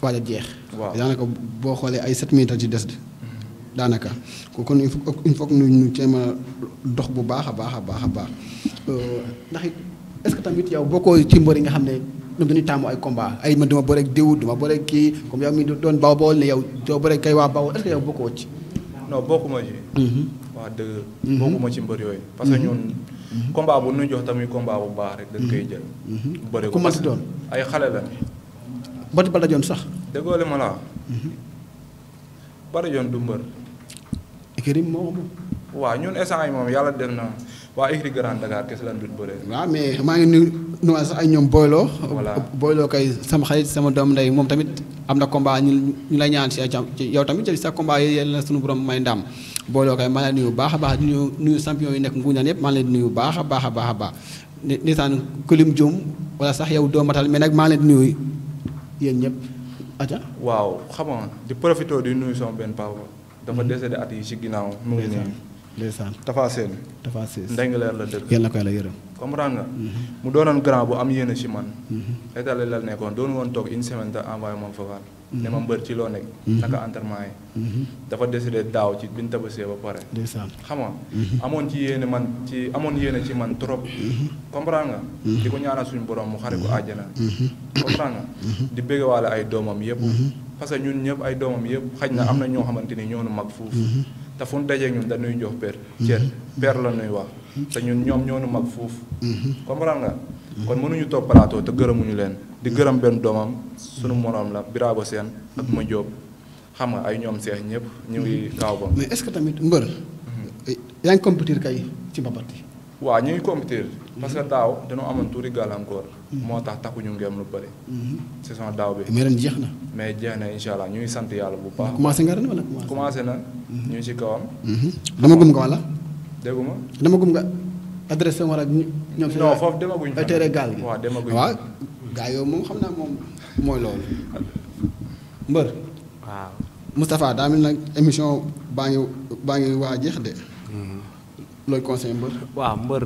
waaj a jeex. daanaka boo xoolee ay sept minutes ci des daanaka. kon il faut il ñu jéem dox bu baax a baax a baax a baax euh, ndax it est-ce que tamit yow bokkoo ci mbër yi nga xam ne ñoom dañuy taamu ay combat ay man duma bëreeg diw duma bëreeg kii comme yow mi doon baw bawol ne yow doo bëreeg kay waa bawol est-ce que yow bokkoo ci. non ci. Mm-hmm. wax dëgg. Mm-hmm. bokkuma ci mbër yooyu. parce mm-hmm. bu nu jox tamit combat bu baax rek. dañ koy jël. bëri ku mati doon ay xale la. bati bala joon sax. déggoo li ma la. bala joon du mbër. Yékini moo moom. waaw ñun instant yi moom yàlla def na waa écurie Grand Dakar kese lan dut bëree. waaw mais maa ngi nu nuwaat sax ay ñoom Boylo. voilà kay sama xarit sama doom ndey moom tamit am na combat ñu ñu lay ñaan si ci yow tamit ci sa combat yi yàlla na suñu borom may ndam Boylo kay maa ngi baax a baax di nuyu nuyu champion nekk Nguñaan yëpp maa ngi lay nuyu baax a baax a baax a baax di di saan wala sax yow doo matal mais nag maa ngi lay nuyu yéen ñëpp. waaw xam nga di profité di nuyu sama benn papa. dafa mm-hmm. décédé at yi ci ginnaaw. mu ngi nii ndeysaan Tafa Seen. Tafa Seen Ndengler la dëkk. yàlla na ko yërëm. comprendre nga. Mm-hmm. mu doonoon grand bu am yéene ci man. Mm-hmm. étalé la nekkoon doon woon toog une semaine te envoyé moom vocal. ne ma mbër ci loo nekk. naka entraînement yi. dafa décédé daaw ci bi ñu tabasee ba pare. ndeysaan xam nga amoon ci yéene man ci amoon yéene ci man trop. comprendre nga. di ko ñaanal suñu borom mu xare ko àjjana. comprendre nga. di bëggewaale ay doomam yëpp. parce que ñun ñëpp ay doomam yëpp xaj na am na ñoo xamante ni ñoo nu mag foofu. Mm-hmm. te fu ñu dajee ñun dañuy jox per. Mm-hmm. cer per la ñuy wax. te ñun ñoom ñoo nu mag foofu. Mm-hmm. comprendre nga. kon mënuñu toog plateau te gërëmuñu leen. di gërëm benn doomam sunu moroom la Birabo seen ak ma Diop xam nga ay ñoom seen ñëpp ñu ngi kaaw ba. mais est-ce que tamit mbër. yaa ngi compétir kay ci mbapat yi waaw ñu ngi compétir parce que daaw dañoo amoon tuuri gàllankoor. moo tax takkuñu ngem lu bëri. saison daaw bi. mais jeex na. mais jeex na incha allah ñu sant yàlla bu baax. commencé nga ren wala commencé na. Mhm. ñu ngi ci kawam. Mhm. dama gum nga wala. déggu ma dama gum nga adressé wala ñoom. si non foofu demaguñ fa tere gaal gi waaw demaguñ gaa yow moom xam naa moom mooy loolu. mbër. waaw Moustapha daa mel nag émission baa ngi baa ngi waa jeex de. Mhm. looy conseil mbër. waaw mbër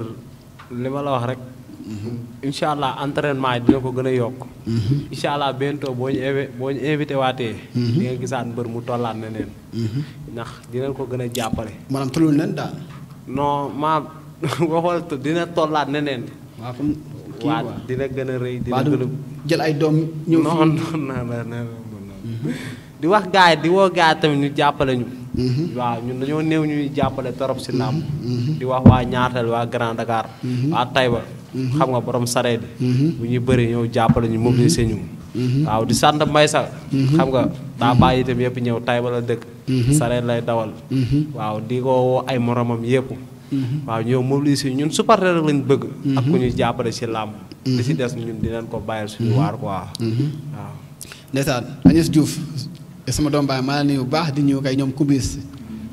li ma la wax rek. Mhm. incha allah entraînement yi dina ko gën a yokk. Mhm. incha allah bientôt boo ñu boo invité waatee. Mhm. di gisaat mbër mu tollaat ne neen ndax dinañ ko gën a jàppale. maanaam tolluñ leen daal. non maa (laughs) waxoon dina tollaat ne neen waaw waa dina gën a rëy dina gën a. jël ay doom ñëw (laughs) di wax gars yi di woo gars tamit ñu jàppale ñu. Mm-hmm. waaw ñun dañoo néew ñuy jàppale torop si làmb mm-hmm. di wax waa ñaatal waa Grand Dakar mm-hmm. waa Taïba xam nga borom sareet bu ñuy bëri ñëw jàppale ñu mobiliser ñu waaw di sant mbay sax xam nga daa bàyyi itam yëpp ñëw Taïba la dëkk sareet lay dawal waaw di ko woo ay moromam yëpp waaw ñëw mobiliser ñun supporter rek lañ bëgg ak ku ñuy jàppale si làmb li si des ñun dinañ ko bàyyil suñu waar quoi waaw ndeysaan Agnès Diouf te sama doom baay maa la nuyu bu baax di nuyu kay ñoom kubis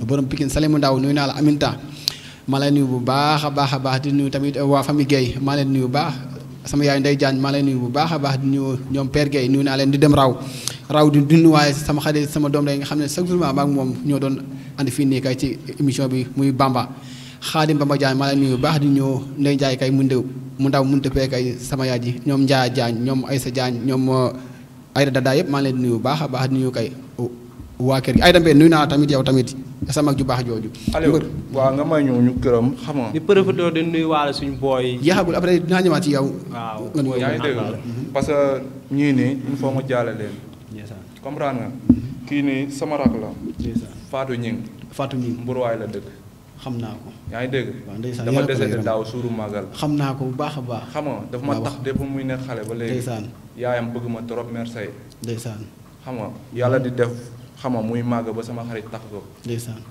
borom Pikine Salimu Ndaw nuyu naa la Aminta maa lay nuyu bu baax a baax a baax di nuyu tamit waa famille Guèye maa leen nuyu bu baax sama yaay Ndey Jaañ maa lay nuyu bu baax a baax di nuyu ñoom Père Guèye nuyu naa leen di dem raw raw di dund waaye sama xale sama doom day nga xam ne chaque jour maag moom ñoo doon ànd fii nii kay ci émission bi muy Bamba Xaadim Bamba Jaañ maa lay nuyu bu baax di nuyu Ndey Njaay kay mu ndaw mu ndaw mënut a kay sama yaay ji ñoom Njaay Jaañ ñoom Aysa Jaañ ñoom ayda dadaa yëpp maa leen di nuyu bu baax a baax di nuyu kay waa kër gi ayda mbee nuyu naa tamit yow tamit sama mag ju baax jooju. mbër waaw nga may ñëw ñu këram xam nga. di profité di nuyu waale suñu booy. jeexagul après dinaa ñëwaat ci yow. waaw yaa ngi dégg mhm. parce que ñii nii il faut ma jaale leen. comprendre nga. kii nii sama rakk la. Fatou Gningue. Fatou Gningue mburuwaay la dëkk. xam naa ko. yaa ngi dégg dama desete daaw suuru màggal xam naa ko bu baax a baax xam nga dafa ma tax depuis muy nekk xale ba léegi ndeysaan yaayam bëgg ma trop merci ndeysaan xam nga yàlla di def xam nga muy màgg ba sama xarit tax ko ndeysaan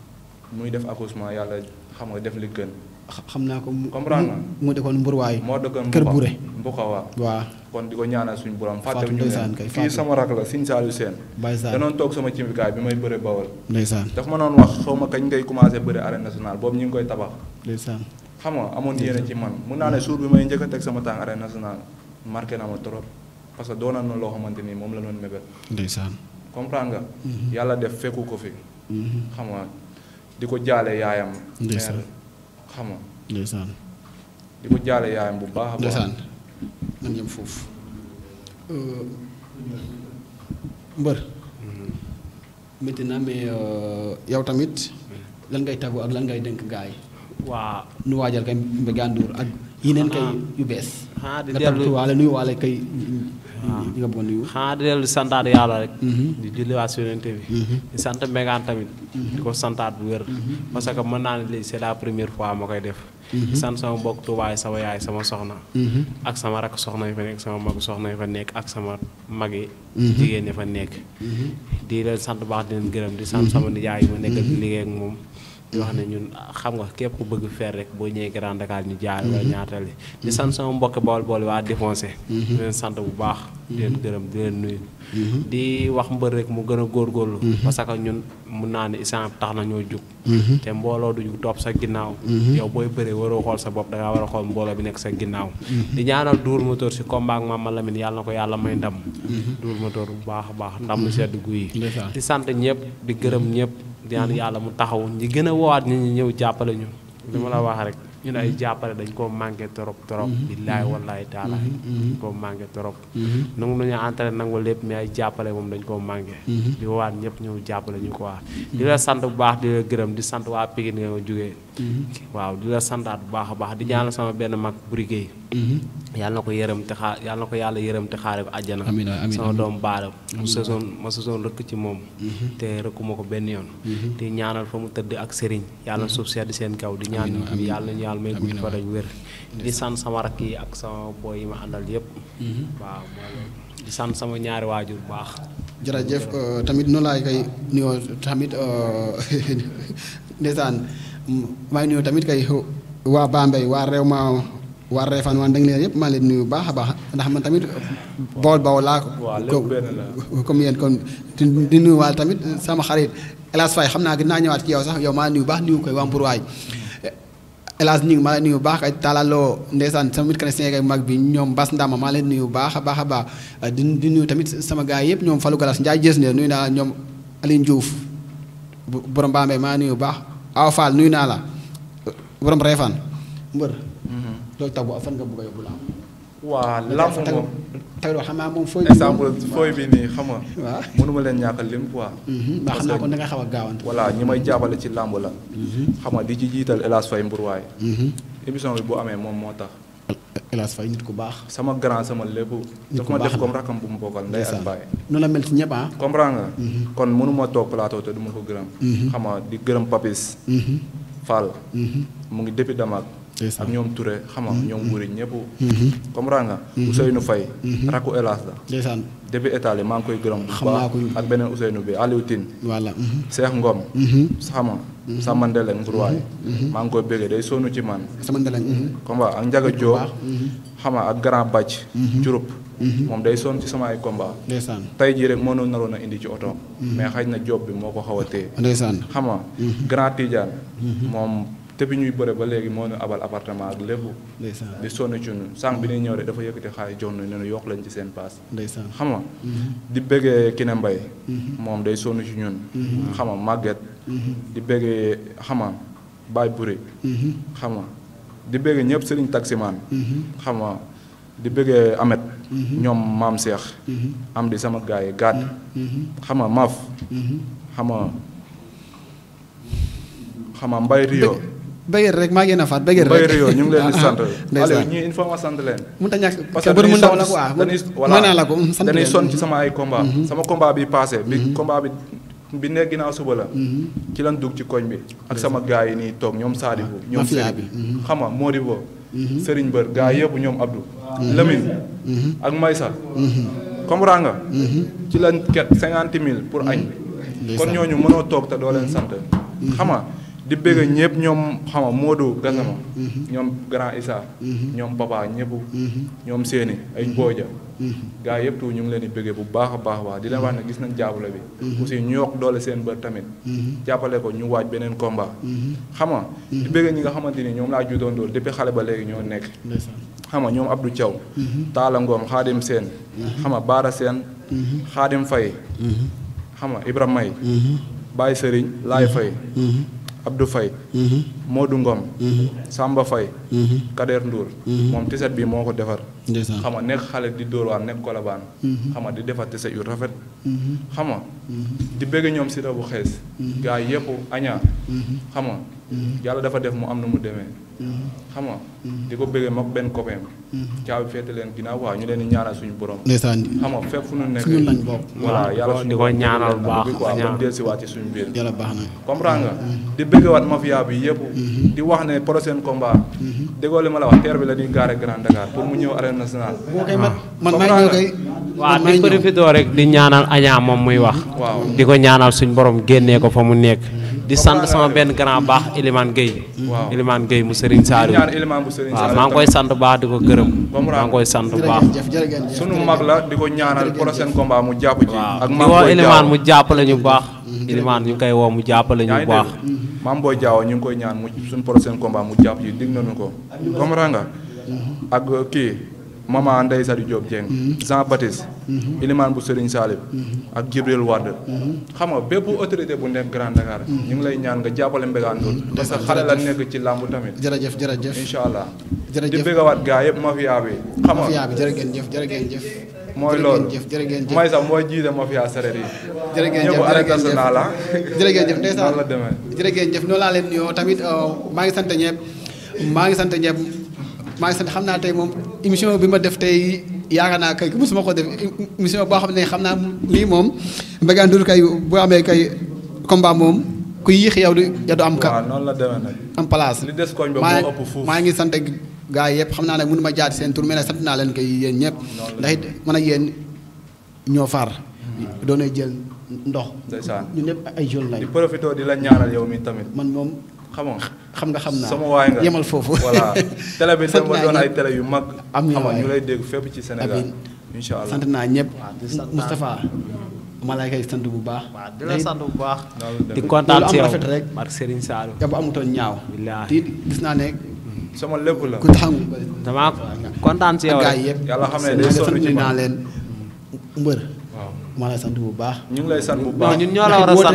muy def accouchement yàlla xam nga def li gën xam naa ko comprendre na mu dëkkoon mburwaay moo dëkkoon kër bure mbuka waa waa kon di ko ñaanal suñu borom fàtte kii sama rak la Sëñ Saliou Sène danoon toog sama cimikaay bi may bëre bawal ndeysaan ma noon wax xaw kañ ngay commencé bëre arène nationale boobu ñu ngi koy tabax ndeysaan xam nga amoon yéene ci man mun naa ne suur bi may njëkk a teg sama tànk arène nationale marqué na ma trop parce que doonal na loo xamante nii moom la doon mébét ndeysaan comprendre nga mm-hmm. yàlla def fekku ko fi mm-hmm. xam nga di ko jaale yaayam ndeysaan xam nga ndeysaan di ko jaale yaayam bu baax a baax nan yem foofu euh, mbër hmm. métti na mais euh, yow tamit lan ngay tàggu ak lan ngay dénk gaay waa nu waajal kay Mbégaan Ndour ak yeneen kay yu bees nga tamit waale nuyu waale kay di ah. nga bëggoon xaa xanaa di dellu santaat yàlla rek mm-hmm. di julliwaat si yonente bi mm-hmm. di sant Mbégaan tamit mm-hmm. di ko santaat bu wér parce que mën naa ne léegi c'est la première fois ma koy def di mm-hmm. sant sama mbokk tubaay sama yaay sama soxna mm-hmm. ak sama rakk soxna yi fa nekk sama mag soxna yi fa nekk ak sama mag yi mm-hmm. jigéen yi fa nekk di leen sant baax di di sant sama nijaay yi ma nekkal di liggéey ak moom di wax ne ñun xam nga képp ku bëgg fer rek boo ñëwee Grand Dakar ñu jaar wala ñaatali di sant sama mbokk bool bool waa défoncé di leen sant bu baax di leen gërëm di leen nuyu di wax mbër rek mu gën a góorgóorlu parce que ñun mun naa ne isaan tax na ñoo jug. Mhm. te mbooloo du jug topp sa ginnaaw. Mhm. yow booy bëree waroo xool sa bopp da war a xool mbooloo bi nekk sa ginnaaw. Mhm. di ñaanal Double Moteur si combat ak Mama Lamine yàlla na ko yàlla may ndam. Double motoor bu baax a baax ndam lu sedd guy yi. di sant ñëpp di gërëm ñëpp. di ñaan yàlla mu taxaw ñi gën a woowaat nit ñi ñëw jàppale ñu. li ma la wax rek. ñuna ay mm-hmm. jappale dañ ko manké torop torop mm-hmm. billahi mm-hmm. wallahi taala manké torop nang trop ñu nañu nang wa lepp mi ay jappale mom dañ ko manké di waat ñëpp ñëw jappale ñu quoi di la sant bu baax di la gërëm di sant wa pigine nga jógee waaw di la santaat bu baax baax di ñaanal sama benn mak brigé yàlla na ko yërëm te xaar yalla nako yalla yàlla te xaare bi àjjana sama doom baaram mu saison ma saison rek ci mom te rëkkuma ko ben yoon te ñaanal fa mu teud ak serigne yalla suuf sedd seen kaw di ñaan yàlla daal may gudd fa dañ di sant sama rakk yi ak sama booy yi ma àndal yëpp mhm. waaw di sant sama ñaari waajur baax jërëjëf euh, tamit noonu laay koy nuyoo tamit euh, (laughs) ndeysaan maay nuyoo tamit kay waa Bambey waa réew ma waa Réfane waa Ndingler yëpp maa leen nuyu bu baax a baax ndax man tamit bool bool laa ko comme yéen kon di nuyu waal tamit sama xarit El Hadj xam naa gën naa ñëwaat ci yow sax yow maa nuyu baax nuyu koy waa Mbour hélas ñu ngi maa leen nuyu bu baax ay taalaloo ndeysaan sama mit chrétien ak mag bi ñoom Bas Ndama maa leen nuyu bu baax a baax a baax euh, di di nuyu tamit sama gars yëpp ñoom Fallou Galas Ndiaye jës ne nuyu naa la ñoom Aline Diouf borom Bambey maa nuyu bu baax Awa Fall nuyu naa la borom Réfane mbër mm-hmm. loolu tax bu fan nga bëgg a yóbbu la waa lamb moom tegloo xam naa moom fooy bi exemple fooy bi nii xam nga waaw mënuma leen ñàkkal lim quoi waa mhm. xam naa ko da xaw a gaawant voilà ñi may jàppale ci làmb la mhm. xam nga di ci jiital El Hadj Faye Mbourwaay mhm. émission bi bu amee moom moo tax El Hadj Faye nit ku baax sama grand sama lépp dafa ma def comme rakam bu mu bokkal ndey ak baay noonu la mel ci ñëpp ah comprendre nga kon mënuma toog plateau te du ma ko gërëm xam nga di gërëm Papis Fall mu ngi depuis Damak ak ñoom Touré xam nga ñoom Wuri mm-hmm. ñëpp. Mm-hmm. comprendre nga. Mm-hmm. Ousseynou Faye. rakku Elas la. ndeysaan depuis état maa ngi koy gërëm. xam naa ko ak beneen Ousseynou bi Aliou Tine. voilà Cheikh Ngom. xam nga Samba Ndeleng Ndourwaay. maa ngi koy bëggee day sonn ci Grand Bàcc. Diouroup. moom day sonn ci sama ay combat. ndeysaan tey jii rek mënoon naroon a indi ci oto. mais xëy na job bi moo ko xaw a téye. Grand Tidiane. moom. te bi ñuy bëre ba léegi moo ñu abal appartement ak lépp. ndeysaan di sonn ci ñun sànq bi ñuy ñëw de dafa yëkkati xaalis jox nañu ne yokk lañ ci seen paas. ndeysaan xam nga. Mm-hmm. di bëggee Kiné Mbaye. Mm-hmm. moom day sonn ci ñun. Mm-hmm. xam nga màgget. di bëggee xam nga Buri. xam di bëggee ñëpp Serigne Taximaan. xam nga di bëggee Amet. ñoom maam Cheikh. am di sama gars yi gàtt. xam nga maaf. xam Rio. bëggee rek maa ngi yéen a faat bëggee rek bëggee yooyu ñu ngi leen di ah, ah. sant Aliou ñu il faut ma sant leen mun ta ñàkk parce que bër mu ndaw la quoi naa la ko sant sonn ci sama ay combat mm-hmm. sama combat bi passé bi mm-hmm. combat bi bi nekk ginnaaw suba la mm-hmm. ci lan dugg ci koñ bi ak sama gars yi nii toog ñoom Sadibou ah, ñoom Sëriñ bi xam nga Modibo Sëriñ Bër gars yëpp ñoom Abdou Lamine ak Maysal comprends nga ci lan ket cinquante mille pour añ kon ñooñu mënoo toog te doo leen sant xam nga di bëgg mm-hmm. ñëpp ñoom xama Modou Gassama mm-hmm. ñoom Grand Issa mm-hmm. ñoom Papa ñëpp ñoom seeni ay Mbooja gaa yëpp tu ñu ngi leen di bëggee bu baax a baax baax di leen wax ne gis nañ jàppale bi aussi ñu yokk doole seen bër tamit jàppale ko ñu waaj beneen combat xama di bëgg ñi nga xamante ni ñoom laa judoon dool depuis xale ba léegi ñoo nekk xama ñoom Abdou Thiaw Talla Ngom Xaadim Seen xama Baara Seen Xaadim Fay xama Ibra May Baye Sëriñ Laay Fay Abdou fay mhm. Modou Ngom mhm. Samba fay mhm. Kader Ndour moom tiset bi moo ko defar xam nga nekk xale di dóor waar nekk kolobaan mhm. xam nga di defati sa yu rafet mhm. xam nga mhm. di bëgg ñoom si bu xees gaa yëpp añaa xam nga yàlla dafa def mu am na mu demee xam nga di ko bëggee mag benn copain caabi feete leen ginnaaw waaw ñu leen di ñaanal suñu borom ndeysaan xam nga fépp fu ñu nekk suñu lañ bopp voilà yàlla di ko ñaanal baax quoi ba del si waat ci suñu biir yàlla nga di bëggee waat mafia bi yëpp di wax ne prochain combat déggoo li ma la wax terre bi la l'assemblée nationale mo kay man man ma ñew kay wa di profito rek di ñaanal aña mom muy wax diko ñaanal suñ borom génné ko fa nekk di sant sama ben grand baax Elimane Gueye Elimane Gueye mu Serigne Saliou ñaar Elimane bu Serigne Saliou maa ngi koy sant baax di ko gërëm maa ngi koy sunu mag la di ko ñaanal prochain combat mu jàpp ci ak maam booy Elimane mu jàppale ñu baax Elimane ñu koy woo mu jàppale ñu baax maam booy Diaw ñu ngi koy ñaan mu sunu prochain combat mu jàpp ci dig nañu ko comprends nga ak kii maman Ndeye Sadi Diop Dieng. Mm-hmm. Jean Baptiste. Mm-hmm. Ilimane bu Serigne Salib. Mm-hmm. ak Jibril Wade. xam nga bépp autorité bu nekk Grand Dakar. ñu ngi lay ñaan nga jàppale Mbégaan Ndour. parce que xale la nekk ci làmb tamit. jërëjëf jërëjëf incha allah. jërëjëf di bëggawaat gaa yëpp mafia bi. xam nga mafia bi jërë ngeen jëf jërë ngeen jëf. mooy loolu mooy sax mooy jiite mafia séeréer yi. jërë ngeen jëf jërë ñëpp la. jërë ngeen jëf jëf noonu laa leen nuyoo tamit euh, maa ngi sant ñëpp maa ngi sant ñëpp maa ngi sant xam naa tey moom émission bi ma def tey yaakaar naa kay mosuma ko def émission boo xam ne xam naa lii moom Mbéguane Ndour kay boo amee kay combat moom ku yéex yow du yow du am. ka waaw noonu la demee nag am place li des koñ ba moo ëpp fuuf maa ngi sant gaa yëpp xam naa nag mënu ma jaar seen tur mais nag sant naa leen kay yéen ñëpp ndax it man ak yéen ñoo far. Hmm. doonay jël ndox. ndeysaan ñun ñëpp ay jeunes lañ. di profité di la ñaanal yow mi tamit. man moom. xam nga xam nga xam naa sama waay nga yemal foofu. voilà (laughs) bi doon ay télé yu mag. am na ñu lay dégg fépp ci Sénégal. incha allah sant naa ñëpp. Moustapha. malaaka yi sant bu baax. waaw di la sant bu baax. kontaan si rek. Marc Serigne Sallou. ñaaw. wallaahi tiit gis naa ne. sama lépp la ku taxaw. damaa kontaan si yow rek yëpp. xam ne day sonn ci naa leen mbër. ma sant bu baax. ñu ngi lay sant bu baax ñun ñoo la war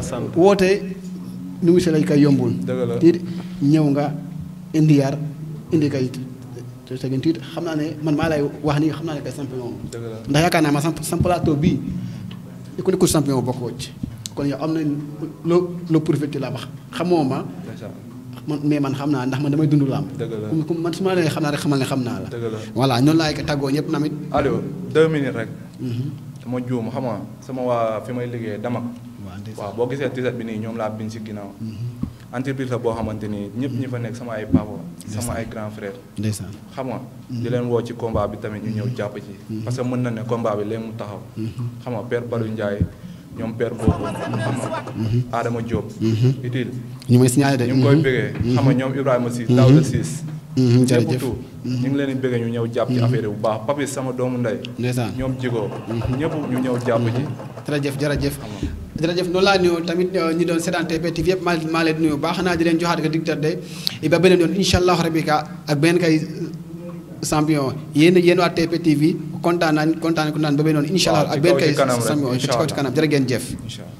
ndax euh, nu mu selay kay yombul tiit ñëw nga indi yar indi kay tegin tiit xam naa ne man maa lay wax nii xam naa ne kay champion ndax yaakaar naa ma sam plateau bii ku nekkul champion bokkoo kon am na loo loo profité la wax xamoo ma man mais man xam naa ndax man damay dund làmb. dëgg man su ma nee xam naa rek xamal ne xam naa la. dëgg voilà noonu laa tàggoo ñëpp namit. Aliou deux minutes rek. Mhm. dama juum xam nga sama waa fi may liggéey dama. waaw boo gisee tiset bi nii ñoom laa bind si ginnaaw mm-hmm. entreprise la boo xamante ni ñëpp ñu fa nekk sama ay papa sama ay grand frère xam nga mm-hmm. di leen woo ci combat bi tamit ñu ñëw mm-hmm. jàpp ci parce que mën na ne combat bi léegi mu taxaw xam nga père Badou Ndiaye ñoom père boobu xam nga Adama Diop utile ñu may signalé de ñu ngi koy bëggee xam nga ñoom Ibrahima Ciss Daouda Ciss jërëjëf ñu ngi leen di ñu ñëw jàpp ci affaire bu baax Papis sama doomu ndey ndeysaan ñoom jigoo ñëpp ñu ñëw jàpp ci jara jëf jërëjëf jërëjëf noonu laa nuyu tamit euh, ñi doon seetaan TP TV yëpp maa maa leen nuyu baax naa di leen joxaat ko dig day eh, ba beneen yoon incha allah ak beneen kay euh, champion yéen yéen waa TP TV kontaan nañ kontaan nañ ba beneen yoon incha allah ak beneen kay champion ci kaw ci kanam jërë ngeen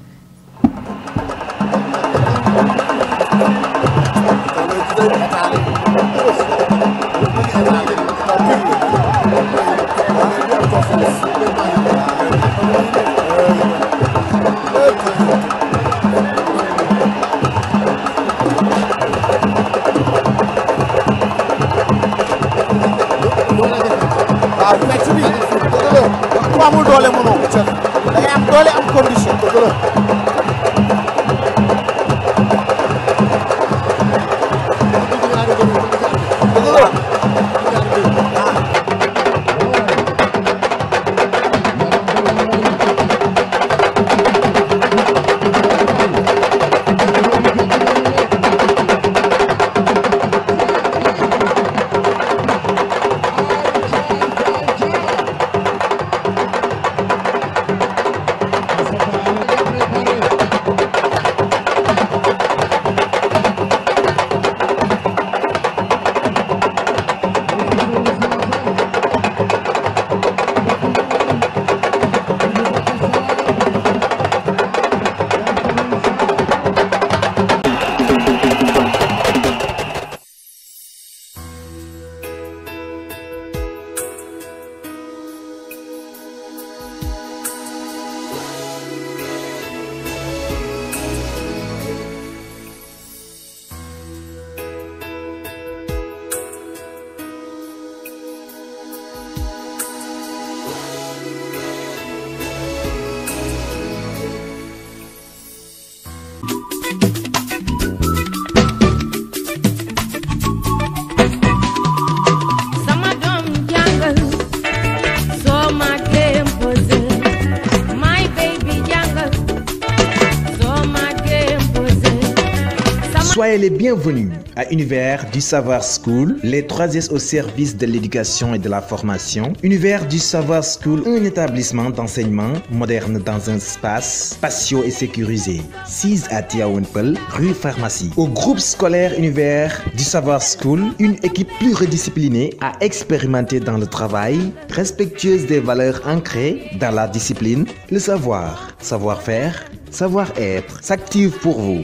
Elle les bienvenue à Univers du Savoir School, les trois au service de l'éducation et de la formation. Univers du Savoir School, un établissement d'enseignement moderne dans un espace spacieux et sécurisé. 6 à Tiawenpel, rue Pharmacie. Au groupe scolaire Univers du Savoir School, une équipe pluridisciplinée a expérimenté dans le travail, respectueuse des valeurs ancrées dans la discipline, le savoir, savoir-faire, savoir-être, s'active pour vous.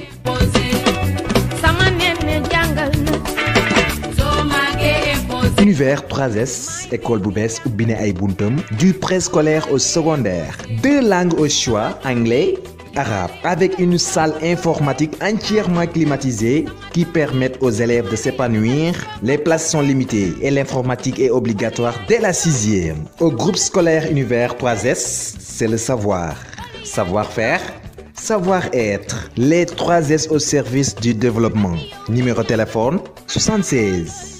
Univers 3S école Boubès, ou Bine du du préscolaire au secondaire deux langues au choix anglais arabe avec une salle informatique entièrement climatisée qui permet aux élèves de s'épanouir. Les places sont limitées et l'informatique est obligatoire dès la sixième. Au groupe scolaire Univers 3S, c'est le savoir, savoir-faire, savoir-être. Les 3S au service du développement. Numéro téléphone 76